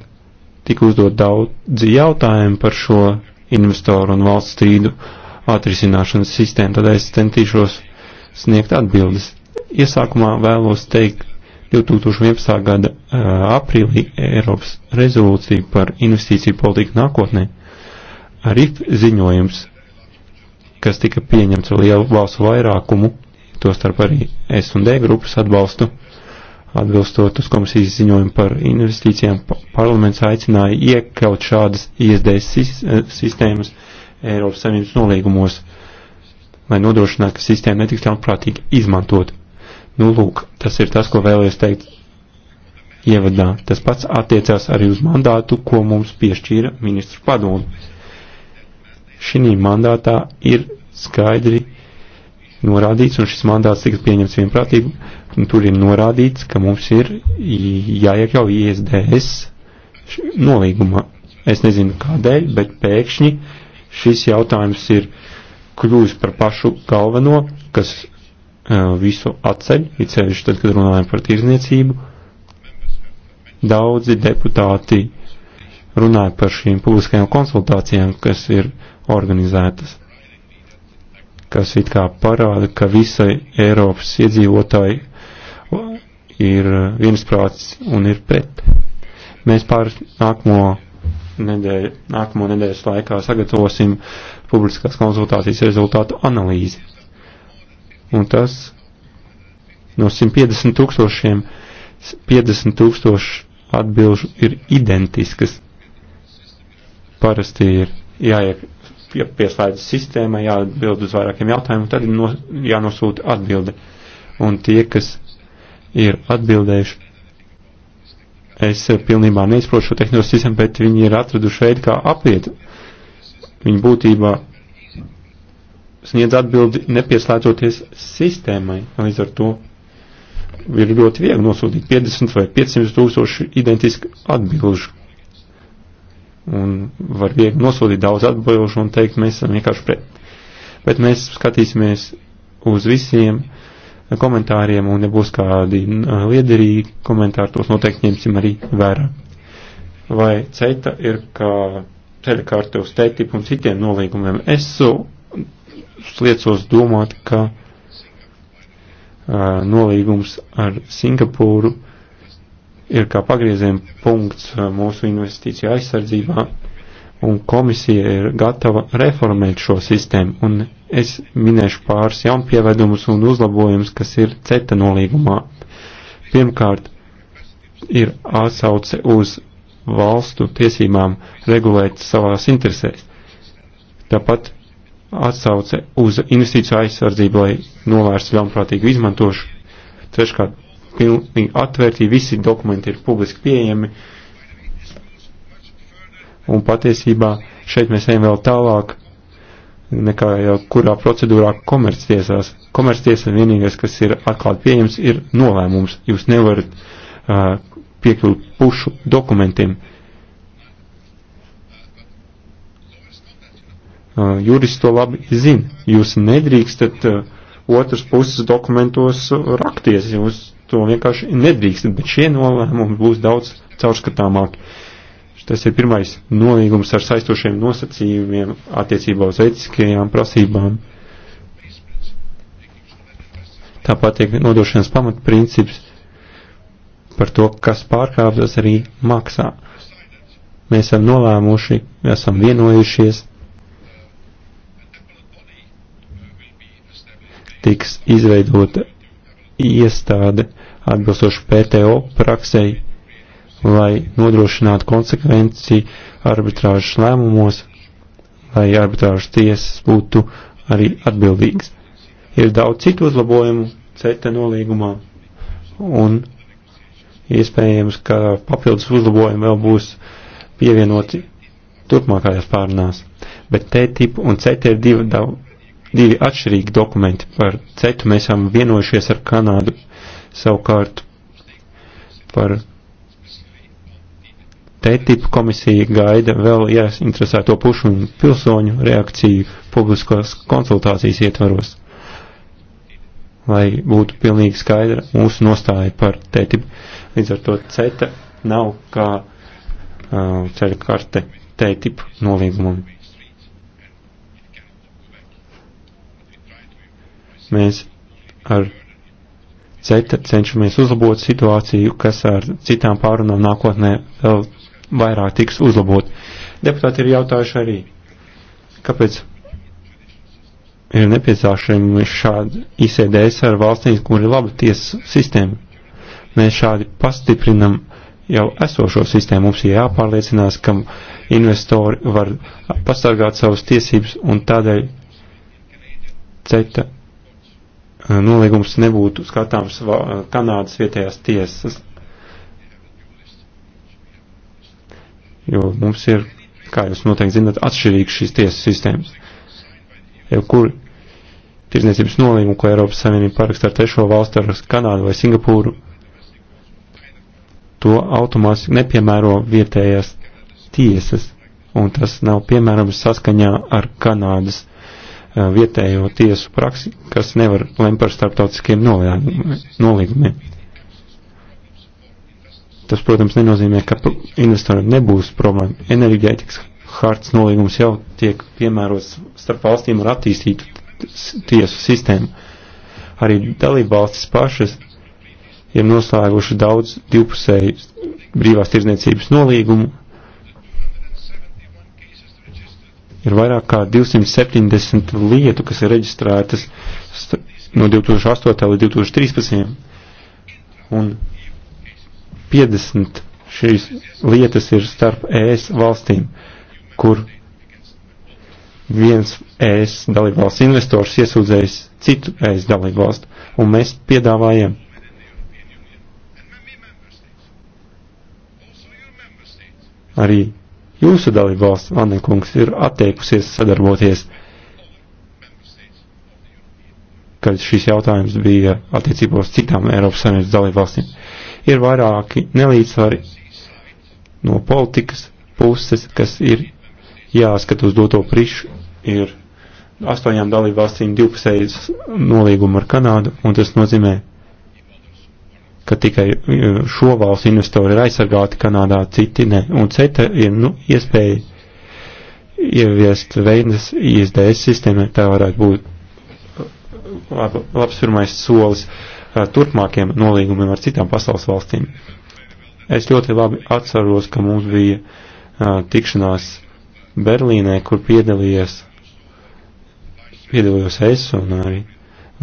Tika uzdot daudzi jautājumi par šo investoru un valsts strīdu atrisināšanas sistēmu, tad es centīšos sniegt atbildes. Iesākumā vēlos teikt 2011. gada uh, aprīlī Eiropas rezolūcija par investīciju politiku nākotnē. RIF ziņojums, kas tika pieņemts ar lielu balsu vairākumu, tostarp arī S un D grupas atbalstu, Atbilstot uz komisijas ziņojumu par investīcijām, parlaments aicināja iekļaut šādas ISDS eh, sistēmas Eiropas Savienības nolīgumos, lai nodrošinātu, ka sistēma netiks ļaunprātīgi izmantot. Nu, lūk, tas ir tas, ko vēlējos teikt ievadā. Tas pats attiecās arī uz mandātu, ko mums piešķīra ministru padomu. Šī mandātā ir skaidri norādīts, un šis mandāts tiks pieņemts vienprātīgi tur ir norādīts, ka mums ir jāiekļauj ISDS nolīgumā. Es nezinu kādēļ, bet pēkšņi šis jautājums ir kļūst par pašu galveno, kas uh, visu atceļ, it sevišķi tad, kad runājam par tirzniecību. Daudzi deputāti runāja par šīm publiskajām konsultācijām, kas ir organizētas kas it kā parāda, ka visai Eiropas iedzīvotāji ir uh, viensprāts un ir pret. Mēs pār nākamo nedēļu, nākamo nedēļas laikā sagatavosim publiskās konsultācijas rezultātu analīzi. Un tas no 150 tūkstošiem 50 tūkstoši atbilžu ir identiskas. Parasti ir jāiek pieslēdz sistēmai, jāatbild uz vairākiem jautājumiem, tad ir no, jānosūta atbilde. Un tie, kas ir atbildējuši. Es pilnībā neizprotu šo tehnisko sistēmu, bet viņi ir atraduši veidu, kā apiet. Viņi būtībā sniedz atbildi nepieslēdzoties sistēmai. Līdz ar to ir ļoti viegli nosūtīt 50 vai 500 tūkstoši identisku atbilžu. Un var viegli nosūtīt daudz atbilžu un teikt, mēs esam vienkārši pret. Bet mēs skatīsimies uz visiem uh, komentāriem, un ja būs kādi uh, liederīgi komentāri, tos noteikti ņemsim arī vērā. Vai ceita ir kā ceļa kārta uz tētip un citiem nolīgumiem? Es sliecos domāt, ka uh, nolīgums ar Singapūru ir kā pagrieziena punkts uh, mūsu investīciju aizsardzībā. Uh, un komisija ir gatava reformēt šo sistēmu, un es minēšu pāris jaunpievedumus un uzlabojumus, kas ir CETA nolīgumā. Pirmkārt, ir atsauce uz valstu tiesībām regulēt savās interesēs. Tāpat atsauce uz investīciju aizsardzību, lai novērstu ļaunprātīgu izmantošu. Treškārt, pilnīgi atvērtī visi dokumenti ir publiski pieejami, uh, un patiesībā šeit mēs ejam vēl tālāk nekā jau kurā procedūrā komerctiesās. Komerctiesa vienīgais, kas ir atklāti pieejams, ir nolēmums. Jūs nevarat uh, piekļūt pušu dokumentiem. Uh, jurists to labi zina. Jūs nedrīkstat uh, otras puses dokumentos rakties. Jūs to vienkārši nedrīkstat, bet šie nolēmumi būs daudz caurskatāmāki. Uh, Tas ir pirmais nolīgums ar saistošiem nosacījumiem attiecībā uz etiskajām prasībām. Tāpat tiek nodošanas pamatprincips par to, kas pārkāpjas arī maksā. Mēs esam nolēmuši, esam vienojušies. Tiks izveidota iestāde atbilstoši PTO praksei lai nodrošinātu konsekvenci arbitrāžas lēmumos, lai arbitrāžas tiesas būtu arī atbildīgas. Ir daudz citu uzlabojumu CETA nolīgumā un iespējams, ka papildus uzlabojumi vēl būs pievienoti turpmākajās pārunās. Bet TTIP un CETA ir divi, dav, divi atšķirīgi dokumenti. Par CETU mēs esam vienojušies ar Kanādu savukārt par TTIP komisija gaida vēl jāinteresēto pušu un pilsoņu reakciju publiskās konsultācijas ietvaros, lai būtu pilnīgi skaidra mūsu nostāja par TTIP. Līdz ar to CETA nav kā uh, ceļa karte TTIP nolīgumam. Mēs ar CETA cenšamies uzlabot situāciju, kas ar citām pārunām nākotnē vēl vairāk tiks uzlabot. Deputāti ir jautājuši arī, kāpēc ir nepieciešami šādi ICDS ar valstīs, kur ir laba tiesa sistēma. Mēs šādi pastiprinam jau esošo sistēmu. Mums ir jāpārliecinās, ka investori var pasargāt savas tiesības un tādēļ CETA uh, nolīgums nebūtu skatāms Kanādas vietējās tiesas jo mums ir, kā jūs noteikti zināt, atšķirīgas šīs tiesas sistēmas. Jau kur tirzniecības nolīgumu, ko Eiropas Savienība paraksta ar trešo valstu, ar Kanādu vai Singapūru, to automātiski nepiemēro vietējās tiesas, un tas nav piemērams saskaņā ar Kanādas eh, vietējo tiesu praksi, kas nevar lemt par starptautiskiem nolīgumiem. Tas, protams, nenozīmē, ka investoriem nebūs problēma. Enerģētikas hartas nolīgums jau tiek piemērots starp valstīm ar attīstītu tiesu sistēmu. Arī dalība valstis pašas ir noslēguši daudz divpusēju brīvās tirzniecības nolīgumu. Ir vairāk kā 270 lietu, kas ir reģistrētas no 2008. līdz 2013. Un 50 šīs lietas ir starp ES valstīm, kur viens ES dalībvalsts investors iesūdzējis citu ES dalībvalstu, un mēs piedāvājam arī jūsu dalībvalsts, Vannekungs, ir atteikusies sadarboties, kad šis jautājums bija attiecībos citām Eiropas Savienības dalībvalstīm ir vairāki nelīdzsvari no politikas puses, kas ir jāskat uz doto prišu, ir astoņām dalībvalstīm divpusējas nolīguma ar Kanādu, un tas nozīmē, ka tikai e, šo valstu investori ir aizsargāti Kanādā, citi ne, un CETA ir nu, iespēja ieviest veidas ISDS sistēmai, tā varētu būt lab, labs pirmais solis. Uh, turpmākiem nolīgumiem ar citām pasaules valstīm. Es ļoti labi atceros, ka mums bija uh, tikšanās Berlīnē, kur piedalījies, piedalījos es un arī,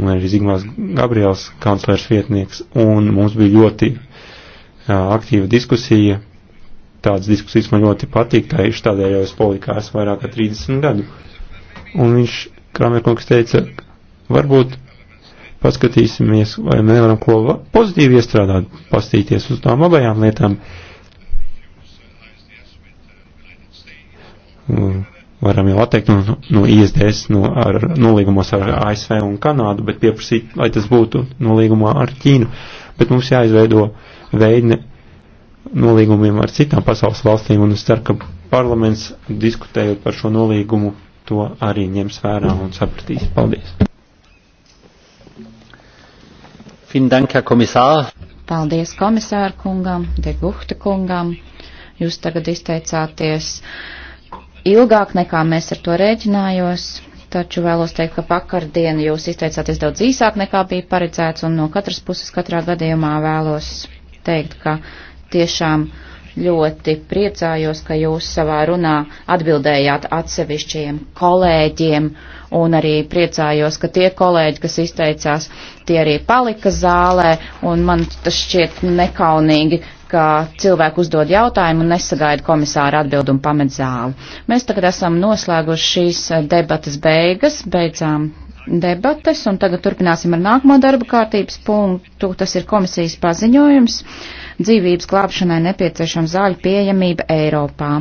un arī Zigmārs Gabriels, kanclers vietnieks, un mums bija ļoti uh, aktīva diskusija. Tādas diskusijas man ļoti patīk, tā ir tādēļ jau es polikās vairāk kā 30 gadu. Un viņš, Kramerkungs teica, varbūt paskatīsimies, vai nevaram ko pozitīvi iestrādāt, pastīties uz tām abajām lietām. Mm, varam jau atteikt no, no ISDS, no ar, nolīgumos ar ASV un Kanādu, bet pieprasīt, lai tas būtu nolīgumā ar Ķīnu. Bet mums jāizveido veidne nolīgumiem ar citām pasaules valstīm, un es ceru, ka parlaments diskutējot par šo nolīgumu to arī ņems vērā un sapratīs. Paldies! Dank, komisār. Paldies komisāru kungam, Degukta kungam. Jūs tagad izteicāties ilgāk nekā mēs ar to rēķinājos, taču vēlos teikt, ka pakardien jūs izteicāties daudz īsāk nekā bija paredzēts, un no katras puses katrā gadījumā vēlos teikt, ka tiešām ļoti priecājos, ka jūs savā runā atbildējāt atsevišķiem kolēģiem, un arī priecājos, ka tie kolēģi, kas izteicās, tie arī palika zālē, un man tas šķiet nekaunīgi, ka cilvēki uzdod jautājumu un nesagaida komisāra atbildu un pamet zāli. Mēs tagad esam noslēguši šīs debatas beigas, beidzām debates, un tagad turpināsim ar nākamo darba kārtības punktu. Tas ir komisijas paziņojums - dzīvības glābšanai nepieciešama zāļu pieejamība Eiropā.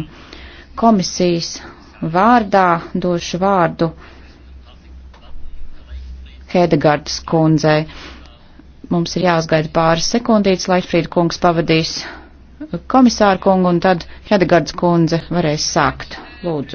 Komisijas vārdā došu vārdu Hedegardas kundzei. Mums ir jāsgaida pāris sekundītes, lai Frīda kungs pavadīs komisāru kungu, un tad Hedegardas kundze varēs sākt. Lūdzu.